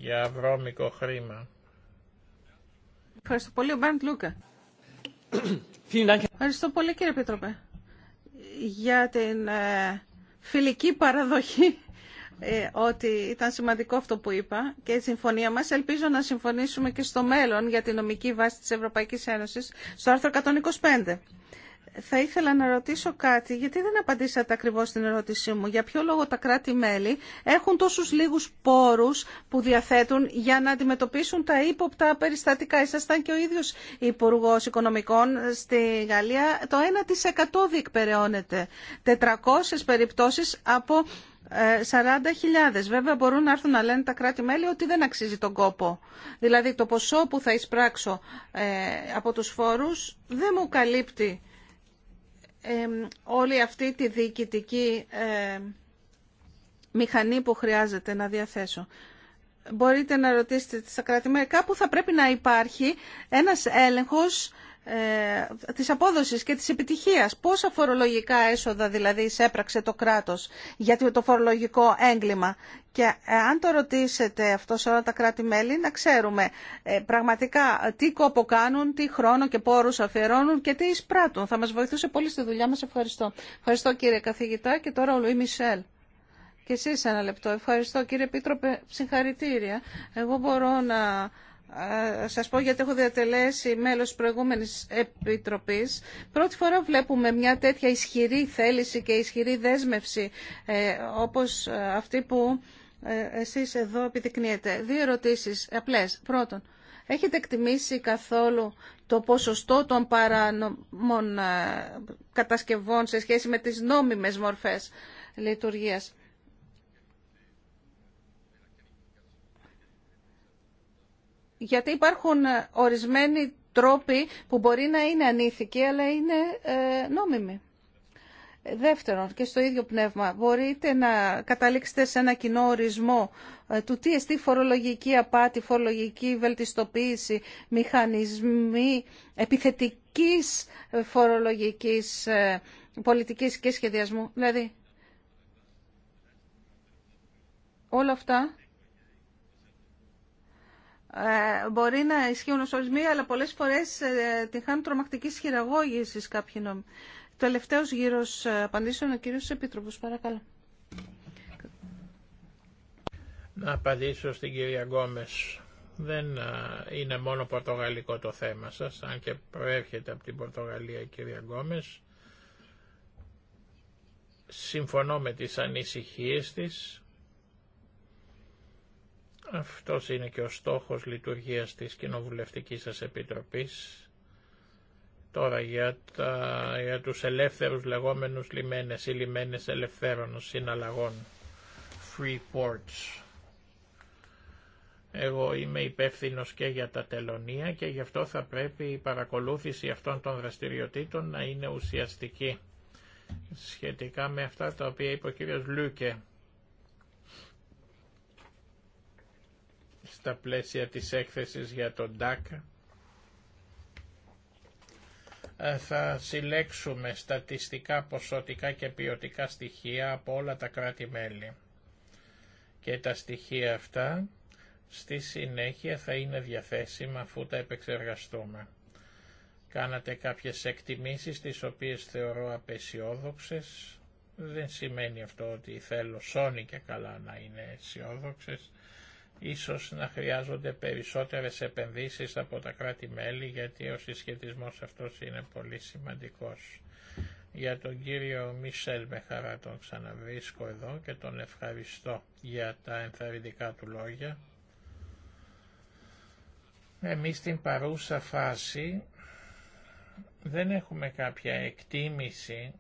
για βρώμικο χρήμα. Ευχαριστώ πολύ, Μπάντ Λούκα. Ευχαριστώ πολύ, κύριε Πίτροπε για την ε, φιλική παραδοχή ε, ότι ήταν σημαντικό αυτό που είπα και η συμφωνία μας. Ελπίζω να συμφωνήσουμε και στο μέλλον για τη νομική βάση της Ευρωπαϊκής Ένωσης στο άρθρο 125 θα ήθελα να ρωτήσω κάτι, γιατί δεν απαντήσατε ακριβώς στην ερώτησή μου. Για ποιο λόγο τα κράτη-μέλη έχουν τόσους λίγους πόρους που διαθέτουν για να αντιμετωπίσουν τα ύποπτα περιστατικά. Ήσασταν και ο ίδιος υπουργό Οικονομικών στη Γαλλία. Το 1% διεκπεραιώνεται. 400 περιπτώσεις από 40.000. Ε, Βέβαια μπορούν να έρθουν να λένε τα κράτη-μέλη ότι δεν αξίζει τον κόπο. Δηλαδή το ποσό που θα εισπράξω ε, από τους φόρους δεν μου καλύπτει όλη αυτή τη διοικητική ε, μηχανή που χρειάζεται να διαθέσω. Μπορείτε να ρωτήσετε στα κρατη Κάπου θα πρέπει να υπάρχει ένας έλεγχος ε, της απόδοσης και της επιτυχίας. Πόσα φορολογικά έσοδα δηλαδή εισέπραξε το κράτος για το φορολογικό έγκλημα. Και ε, αν το ρωτήσετε αυτό σε όλα τα κράτη-μέλη, να ξέρουμε ε, πραγματικά τι κόπο κάνουν, τι χρόνο και πόρους αφιερώνουν και τι εισπράττουν. Θα μας βοηθούσε πολύ στη δουλειά μας. Ευχαριστώ. Ευχαριστώ κύριε καθηγητά και τώρα ο Λουί Μισελ. Και εσείς ένα λεπτό. Ευχαριστώ κύριε Επίτροπε. Συγχαρητήρια. Εγώ μπορώ να ε, σας πω γιατί έχω διατελέσει μέλος προηγούμενης επιτροπής. Πρώτη φορά βλέπουμε μια τέτοια ισχυρή θέληση και ισχυρή δέσμευση ε, όπως ε, αυτή που εσείς εδώ επιδεικνύετε. Δύο ερωτήσεις απλές. Πρώτον, έχετε εκτιμήσει καθόλου το ποσοστό των παρανομών κατασκευών σε σχέση με τις νόμιμες μορφές λειτουργίας. γιατί υπάρχουν ε, ορισμένοι τρόποι που μπορεί να είναι ανήθικοι, αλλά είναι ε, νόμιμοι. Δεύτερον, και στο ίδιο πνεύμα, μπορείτε να καταλήξετε σε ένα κοινό ορισμό ε, του τι εστί φορολογική απάτη, φορολογική βελτιστοποίηση, μηχανισμοί επιθετικής φορολογικής πολιτικής και σχεδιασμού. Δηλαδή, όλα αυτά ε, μπορεί να ισχύουν ως ορισμοί, αλλά πολλές φορές ε, τη χάνουν τρομακτικής χειραγώγησης κάποιοι νόμοι. Τελευταίος γύρος ε, απαντήσεων, ο κύριος Επίτροπος, παρακαλώ. Να απαντήσω στην κυρία Γκόμες. Δεν ε, είναι μόνο πορτογαλικό το θέμα σας, αν και προέρχεται από την Πορτογαλία η κυρία Γκόμες. Συμφωνώ με τις ανησυχίες της αυτός είναι και ο στόχος λειτουργίας της Κοινοβουλευτικής σας Επιτροπής. Τώρα για, τα, για τους ελεύθερους λεγόμενους λιμένες ή λιμένες ελευθέρων συναλλαγών. Free ports. Εγώ είμαι υπεύθυνο και για τα τελωνία και γι' αυτό θα πρέπει η παρακολούθηση αυτών των δραστηριοτήτων να είναι ουσιαστική σχετικά με αυτά τα οποία είπε ο κύριος Λούκε στα πλαίσια της έκθεσης για τον ΤΑΚ ε, θα συλλέξουμε στατιστικά, ποσοτικά και ποιοτικά στοιχεία από όλα τα κράτη-μέλη. Και τα στοιχεία αυτά στη συνέχεια θα είναι διαθέσιμα αφού τα επεξεργαστούμε. Κάνατε κάποιες εκτιμήσεις τις οποίες θεωρώ απεσιόδοξες. Δεν σημαίνει αυτό ότι θέλω σώνη και καλά να είναι αισιόδοξε. Ίσως να χρειάζονται περισσότερες επενδύσεις από τα κράτη-μέλη γιατί ο συσχετισμός αυτός είναι πολύ σημαντικός. Για τον κύριο Μισελ με χαρά τον ξαναβρίσκω εδώ και τον ευχαριστώ για τα ενθαρρυντικά του λόγια. Εμείς στην παρούσα φάση δεν έχουμε κάποια εκτίμηση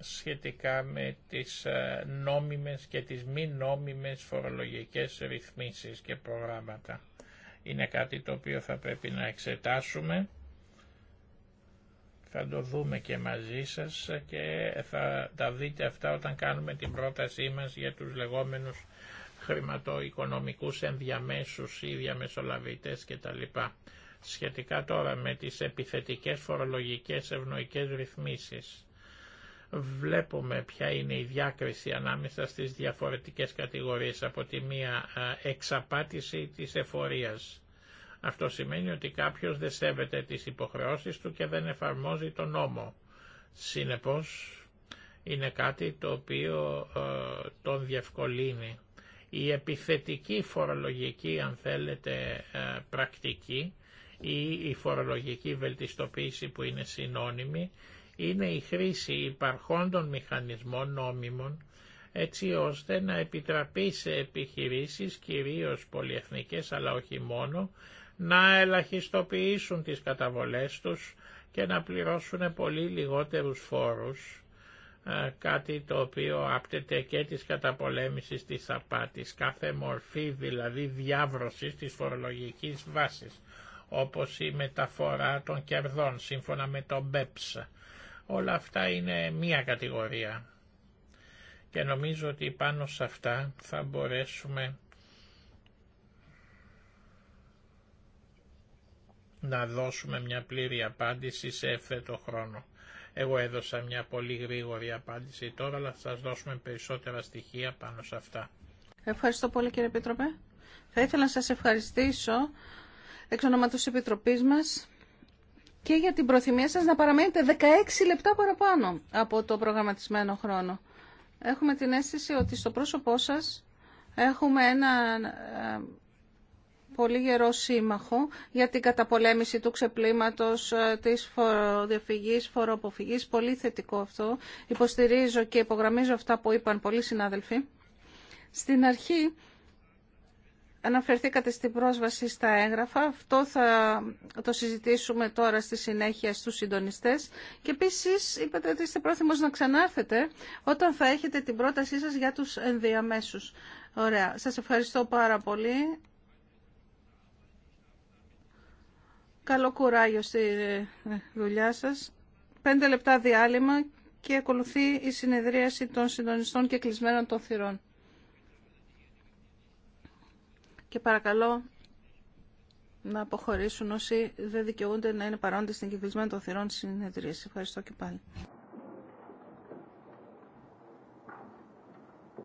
σχετικά με τις ε, νόμιμες και τις μη νόμιμες φορολογικές ρυθμίσεις και προγράμματα. Είναι κάτι το οποίο θα πρέπει να εξετάσουμε. Θα το δούμε και μαζί σας και θα τα δείτε αυτά όταν κάνουμε την πρότασή μας για τους λεγόμενους χρηματοοικονομικούς ενδιαμέσους ή διαμεσολαβητές κτλ. Σχετικά τώρα με τις επιθετικές φορολογικές ευνοϊκές ρυθμίσεις βλέπουμε ποια είναι η διάκριση ανάμεσα στις διαφορετικές κατηγορίες από τη μία εξαπάτηση της εφορίας. Αυτό σημαίνει ότι κάποιος δεν σέβεται τις υποχρεώσεις του και δεν εφαρμόζει τον νόμο. Συνεπώς είναι κάτι το οποίο τον διευκολύνει. Η επιθετική φορολογική, αν θέλετε, πρακτική ή η φορολογική βελτιστοποίηση που είναι συνώνυμη είναι η χρήση υπαρχόντων μηχανισμών νόμιμων έτσι ώστε να επιτραπεί σε επιχειρήσεις, κυρίως πολυεθνικές αλλά όχι μόνο, να ελαχιστοποιήσουν τις καταβολές τους και να πληρώσουν πολύ λιγότερους φόρους, ε, κάτι το οποίο άπτεται και της καταπολέμησης της απάτης, κάθε μορφή δηλαδή διάβρωσης της φορολογικής βάσης, όπως η μεταφορά των κερδών σύμφωνα με τον BEPS Όλα αυτά είναι μία κατηγορία και νομίζω ότι πάνω σε αυτά θα μπορέσουμε να δώσουμε μια πλήρη απάντηση σε εύθετο χρόνο. Εγώ έδωσα μια πολύ γρήγορη απάντηση τώρα, αλλά θα σας δώσουμε περισσότερα στοιχεία πάνω σε αυτά. Ευχαριστώ πολύ κύριε Επίτροπε. Θα ήθελα να σας ευχαριστήσω εξ ονόματος Επιτροπής μας και για την προθυμία σας να παραμένετε 16 λεπτά παραπάνω από το προγραμματισμένο χρόνο. Έχουμε την αίσθηση ότι στο πρόσωπό σας έχουμε ένα ε, πολύ γερό σύμμαχο για την καταπολέμηση του ξεπλήματος ε, της φοροδιαφυγής, φοροποφυγής. Πολύ θετικό αυτό. Υποστηρίζω και υπογραμμίζω αυτά που είπαν πολλοί συνάδελφοι. Στην αρχή Αναφερθήκατε στην πρόσβαση στα έγγραφα. Αυτό θα το συζητήσουμε τώρα στη συνέχεια στους συντονιστές. Και επίσης είπατε ότι είστε πρόθυμος να ξανάρθετε όταν θα έχετε την πρότασή σας για τους ενδιαμέσους. Ωραία. Σας ευχαριστώ πάρα πολύ. Καλό κουράγιο στη δουλειά σας. Πέντε λεπτά διάλειμμα και ακολουθεί η συνεδρίαση των συντονιστών και κλεισμένων των θυρών και παρακαλώ να αποχωρήσουν όσοι δεν δικαιούνται να είναι παρόντες στην κυκλισμένη των θυρών συνεδρίες. Ευχαριστώ και πάλι.